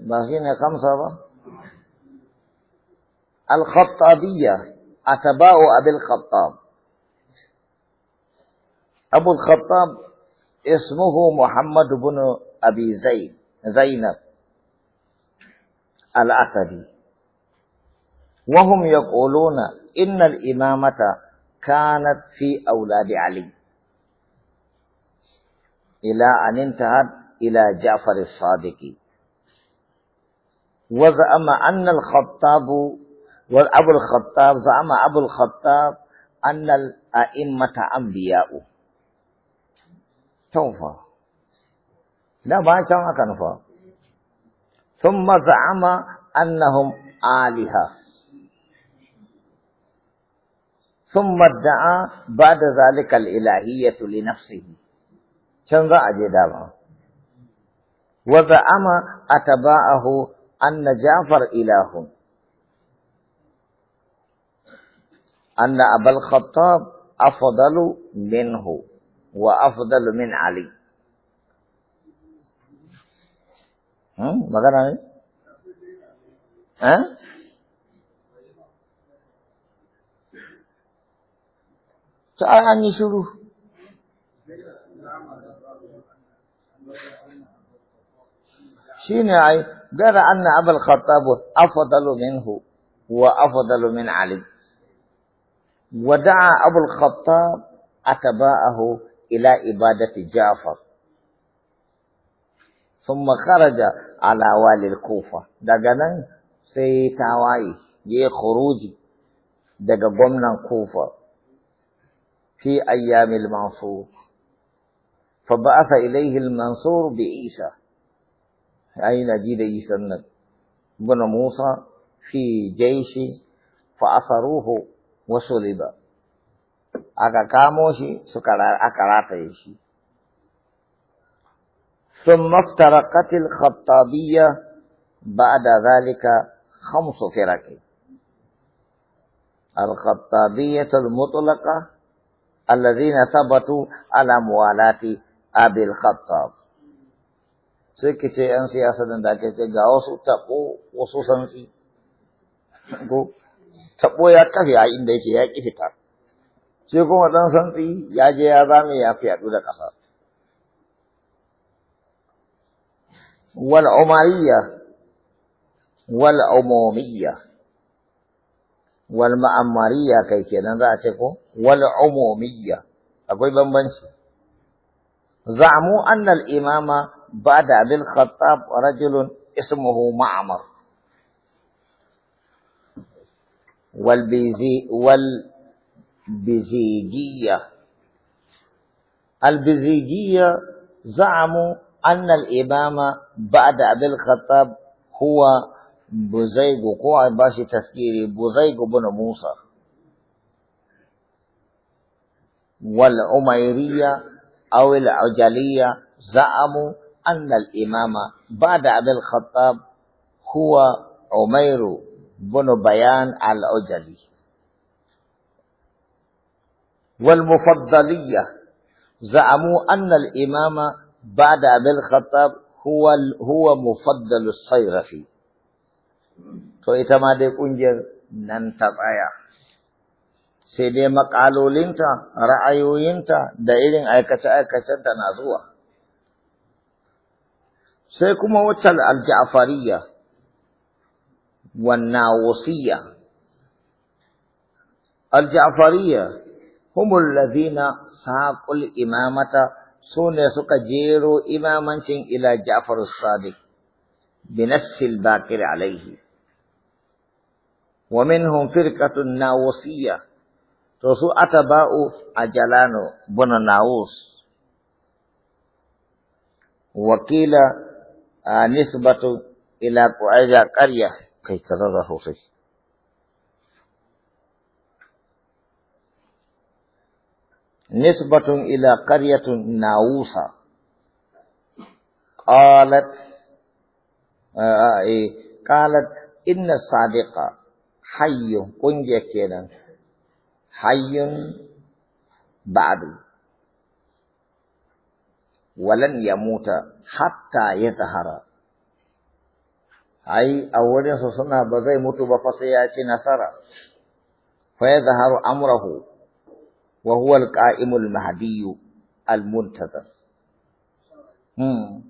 باقينا خمسة الخطابية أتباع أبي الخطاب أبو الخطاب اسمه محمد بن أبي زين زينب الأسدي وهم يقولون إن الإمامة كانت في أولاد علي إلى أن انتهت إلى جعفر الصادق وزعم أن الخطاب وأبو الخطاب زعم أبو الخطاب أن الأئمة أنبياء توفى لا ما كان كنفا ثم زعم أنهم آلهة ثم ادعى بعد ذلك الإلهية لنفسه كان رأى جدابا وزعم أتباعه أن جعفر إله أن أبا الخطاب أفضل منه وأفضل من علي بغير هاي ها تعال عني شروف شين يعني قال أن أبا الخطاب أفضل منه وأفضل من علي ودعا أبو الخطاب أتباعه إلى إبادة جعفر ثم خرج على والي الكوفة دقنا سي تاواي جي خروجي دقا قمنا كوفة في أيام المنصور فبعث إليه المنصور بعيسى أين جيد عيسى بن موسى في جيش فأصروه وصلب أكا كاموشي سكرار أكراتيشي ثم افترقت الخطابية بعد ذلك خمس فرق الخطابية المطلقة الذين ثبتوا على موالاة أبي الخطاب سي أنسي أسدن دا كتير غاوسو تقو وصوصا سي تقو يا كفي يا إندي يا كفي تا سيكو مدن سنتي يا جي آدامي يا فيا دودا كسر والعمرية والعمومية والمعمارية كي كنا ذاتكو والعمومية أقول بمبنشي زعموا أن الإمام بعد أبي الخطاب رجل اسمه معمر والبيزي والبزيجية البزيجية زعموا أن الإمام بعد أبي الخطاب هو بزيغ قوع باشي تسكيري بزيغ بن موسى والعميرية أو العجلية زعموا أن الإمام بعد أبي الخطاب هو عمير بن بيان العجلي والمفضلية زعموا أن الإمام بعد ابي الخطاب هو هو مفضل الصيرفي تو ايتما دي كونجر نان تطايا سي دي مقالولين تا رايوين تا دا ايرين ايكاتا ايكاتا تا نازوا سي كما وتل الجعفرية والناوصية الجعفرية هم الذين ساقوا الإمامة su ne suka jero imamancin ila Ja'far Sadiq binassil bakir alaihi wa minhum firqatun nawasiyya to su ataba'u ajalano bin nawus wakila nisbatu ila ƙwa'ar karya, kai kaza da sosai nisbatun ila qaryatun nawusa qalat eh, eh, qalat inna sadiqa hayyun kungiya kenan hayyun ba'du walan yamuta hatta ya zahara ai a wurinsu suna ba zai mutu ba fa sai ya ci nasara fa ya zaharu amrahu wa huwa al-qa'imul mahdiyyu al-muntazir hmm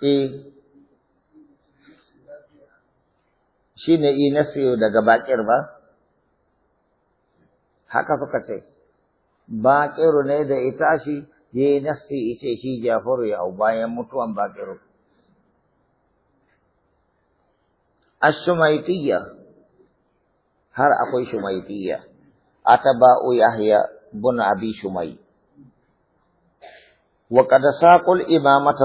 eh. daga bakir ba haka suka ce bakiru ne da ita shi ya nasi ita shi jafaru ya hau bayan mutuwan bakiru shumaitiyya? har akwai shumaitiyya atabau yahya bin abi shumai wa qad saqul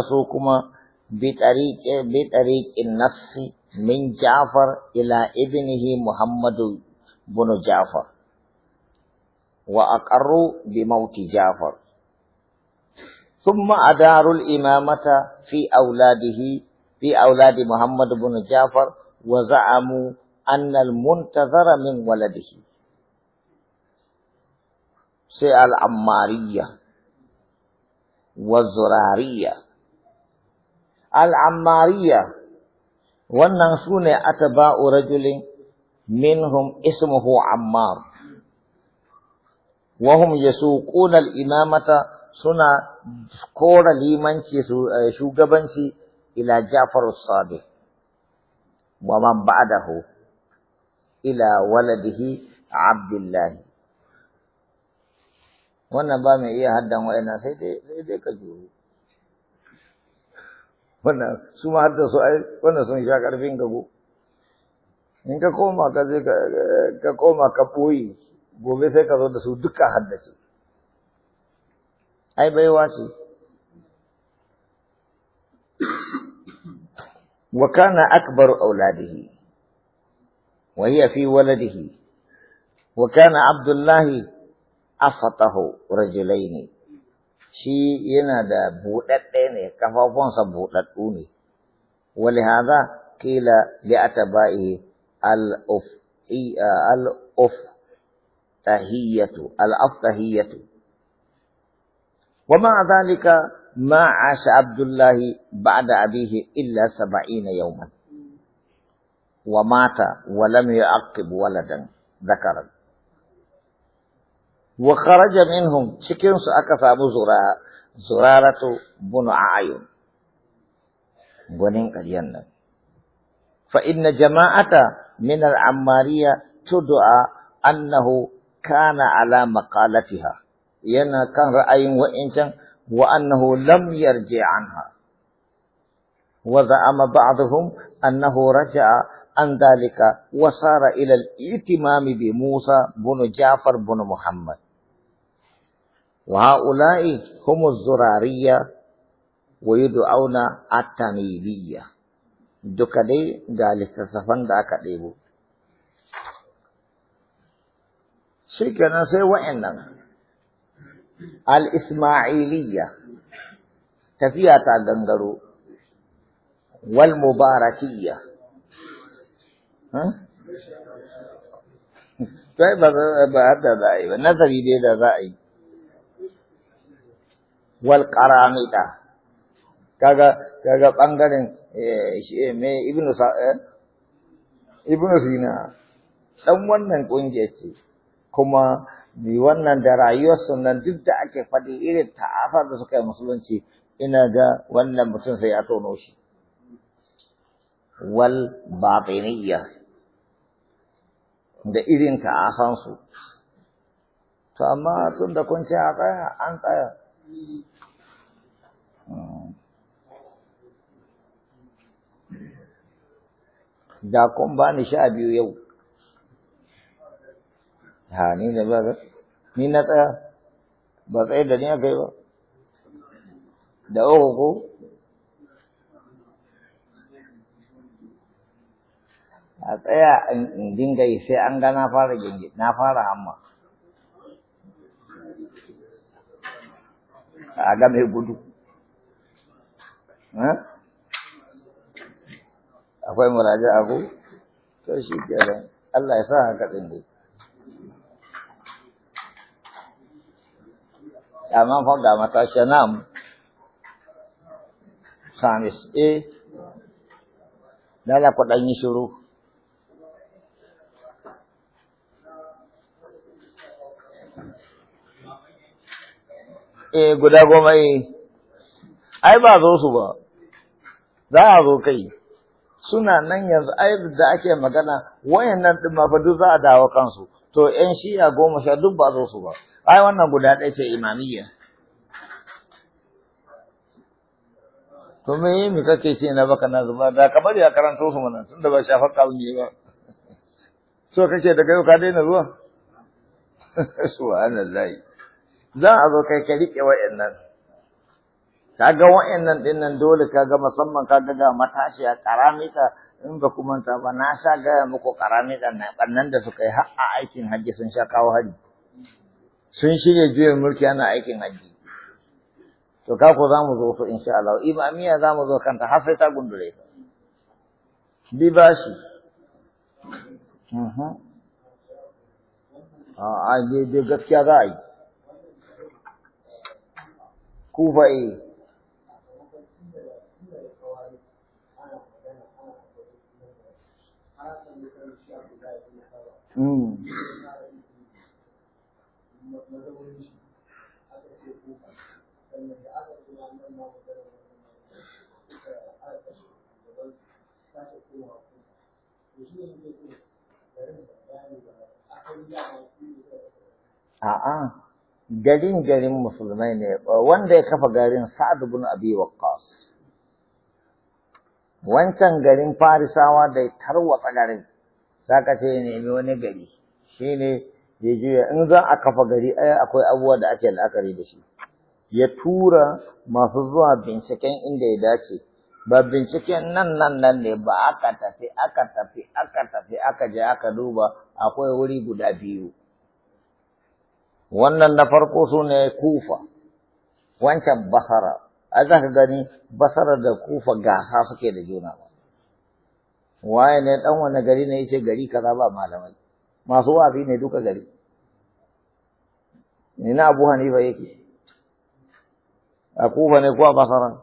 su kuma bi tariq bi tariq nass min ja'far ila ibnihi Muhammadu bin ja'far wa aqarru bi mauti ja'far thumma darul imamata fi auladihi fi auladi muhammad bin ja'far wa za'amu anna al-muntazara min waladihi sai al'ammariya wa zurariya al'ammariya wannan su ne ba'u rajulin minhum ismuhu ammar wahum yasu al-imamata suna kora limanci eh, shugabanci ila Jafaru as-Sadiq wa man ila waladihi Abdullahi. wannan ba mai iya haddan wa'ina sai dai dai ka juru wannan su ma hadda su ai wannan sun sha karfin ka go in ka koma ka je ka koma ka boye gobe sai ka zo da su duka haddace ai baiwa ce wa kana akbaru auladihi wa hiya fi waladihi wa kana abdullahi afatahu rajulaini shi yana da buɗaɗɗe ne kafafunsa buɗaɗɗu ne ولهذا قيل لأتبائه الأف الأف تهية الأفتهية ومع ذلك ما عاش عبد الله بعد أبيه إلا سبعين يوما ومات ولم يعقب ولدا ذكرا وخرج منهم شكرا سأكف أبو زرارة زرارة بن عايون بنين قديان فإن جماعة من العمارية تدعى أنه كان على مقالتها ين كان رأي وإنت وأنه لم يرجع عنها وزعم بعضهم أنه رجع عن ذلك وصار إلى الاهتمام بموسى بن جعفر بن محمد وهؤلاء هم الزرارية ويدعون التمييزية duka dai ga littattafan da aka debo. Shi sai wa'annan al-Ismailiyya tafiya ta dangaro wal mubarakiyya Sai ba nazari dai da za a yi. wal qaramida kaga kaga bangaren eh, eh me ibnu sa eh, ibnu sina dan wannan kungiya ce kuma ni wannan da rayuwar sunan duk da ake faɗi irin ta'afa da suka yi musulunci ina ga wannan mutum sai ya tono shi wal batiniyya da irin ta'afansu to amma tun da kun ce a tsaya an tsaya da kun ba ni sha biyu yau ha ni da ba ni na tsaya ba tsaye da ni aka yi ba da uku ko a tsaya in dinga yi sai an ga na fara gengi na fara hamma a ga mai gudu akwai muraja abu to shi kenan Allah ya sa haka din dai amma fa ga matashiya nam khamis e eh. lala ku dan yi shiru e guda goma eh. ai ba zo su ba za a zo kai suna nan yanzu ai da ake magana wayannan din ma duk za a dawo kansu to ƴan shiya goma sha duk ba zo su ba ai wannan guda ɗaya ce imamiyya to me me kake ce na baka na zuba da kamar ya a karanto su mana tunda ba shafar ka ne ba so kake daga yau ka daina zuwa subhanallahi za a zo kai ka rike wayannan kaga wa'annan din nan dole kaga musamman kaga ga matashi a karamita in ba kuma ta ba na sha gaya muku karamita na bannan da suka yi har a aikin hajji sun sha kawo hari sun shirya juya mulki ana aikin hajji to ka ko za mu zo su insha Allah imamiya za mu zo kanta har sai ta gundure ta bi bashi mhm. a gaskiya za a yi kufa eh A'a, garin garin musulmai ne, wanda ya kafa garin Sa'ad bin Abi Waqqas. Wancan garin Farisawa da ya tarwatsa garin. za ka ce nemi wani gari shi ne ya juya in za a kafa gari ai akwai abubuwa da ake la'akari da shi ya tura masu zuwa binciken inda ya dace ba binciken nan nan nan ne ba aka tafi aka tafi aka tafi aka je aka duba akwai wuri guda biyu wannan na farko su ne kufa wancan basara a za ka gani basara da kufa gasa suke da juna ba waye ne dan wani gari ne yace gari kaza ba malamai masu wafi ne duka gari ni na Abu Hanifa yake a ne ko a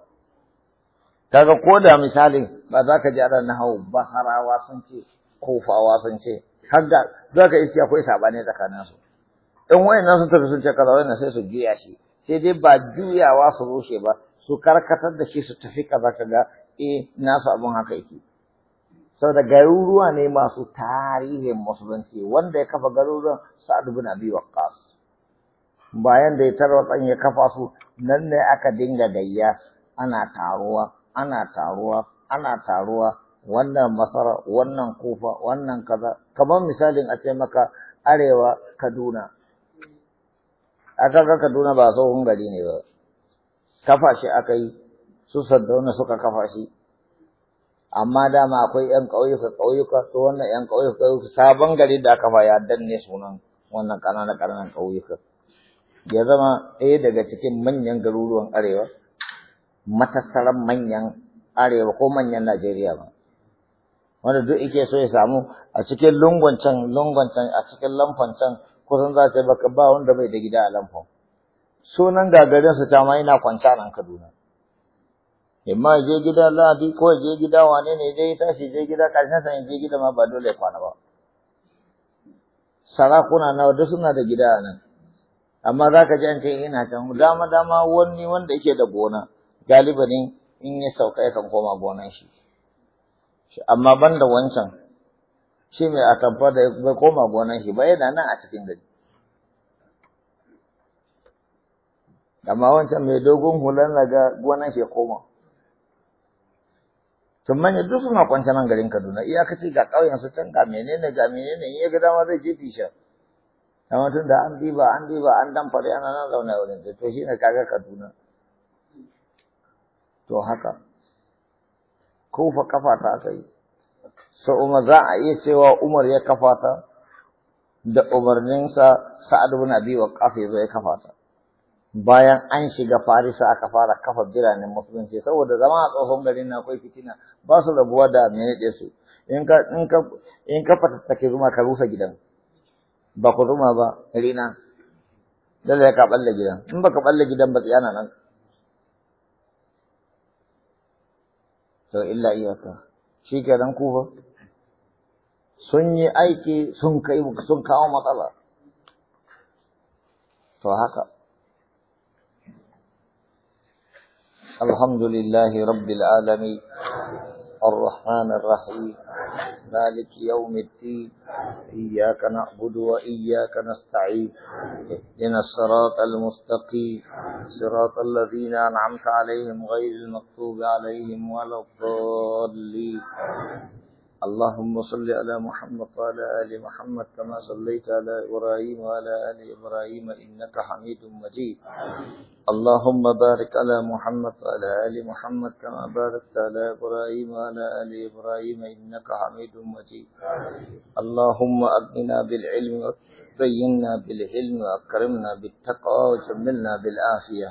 kaga ko da misalin ba za ka ji ana nahawu Basarawa sun ce wa sun ce har da za ka iske akwai sabani tsakanin su in wayannan sun tafi sun ce kaza wayannan sai su juya shi sai dai ba juyawa su rushe ba su karkatar da shi su tafi kaza kaga eh nasu abun haka yake saboda garuruwa ne masu tarihin musulunci wanda ya kafa garuruwan sa'ad bin abi waqqas bayan da ya tarwatsan ya kafa su nan ne aka dinga gayya ana taruwa ana taruwa ana taruwa wannan masara, wannan kufa wannan kaza kamar misalin a ce maka arewa kaduna aka ga kaduna ba tsohon gari ne ba kafa shi aka yi su saddauna suka kafa shi amma dama akwai ƴan ƙauyuka ƙauyuka to wannan ƴan ƙauyuka ƙauyuka sabon gari da aka ya danne sunan wannan ƙananan ƙananan ƙauyuka ya zama ɗaya daga cikin manyan garuruwan arewa matasaran manyan arewa ko manyan Najeriya ba wanda duk yake so ya samu a cikin lungon can lungon can a cikin lamfon can kusan za ta baka ba wanda bai da gida a lamfon sunan gagarin su ta ma ina kwanta nan Kaduna imma je gida ladi ko je gida wane ne je tashi je gida karshen sa je gida ma ba dole kwana ba sarakuna nawa duk suna da gida a nan amma za ka ji an ce ina can dama dama wani wanda yake da gona galiba ne in ya sauka ya kan koma gonan shi amma ban da wancan shi mai tabbar da ya koma gonan shi ba yana nan a cikin gari amma wancan mai dogon hulan na ga gonan shi koma tumanya duk suna kwance nan garin Kaduna iyakaci ga ƙauyen su can ga menene ga menene in ya ga dama zai jefi shi. amma tun da an diba an diba an dan fara yana nan zaune wurin da to shine kaga Kaduna to haka kofa kafa ta aka yi so Umar za a iya cewa Umar ya kafa ta da umarninsa Sa'ad bin Abi Waqqas ya zo ya kafa ta bayan an shiga Farisa aka fara kafa biranen musulunci saboda zama a tsohon garin na akwai fitina ba su rabuwa da mene su in ka in ka in ka zuma ka rufe gidan ba ku zuma ba rina dole ka balle gidan in baka balle gidan ba tsiyana nan to illa iyaka shikenan kufa sun yi aiki sun kai sun kawo matsala to haka الحمد لله رب العالمين الرحمن الرحيم مالك يوم الدين إياك نعبد وإياك نستعين إن الصراط المستقيم صراط الذين أنعمت عليهم غير المغضوب عليهم ولا الضالين اللهم صل على محمد وعلى آل محمد كما صليت على إبراهيم وعلى آل إبراهيم إنك حميد مجيد اللهم بارك على محمد وعلى آل محمد كما باركت على إبراهيم وعلى آل إبراهيم إنك حميد مجيد اللهم أغننا بالعلم زينا بالعلم وأكرمنا بالتقوى وجملنا بالعافية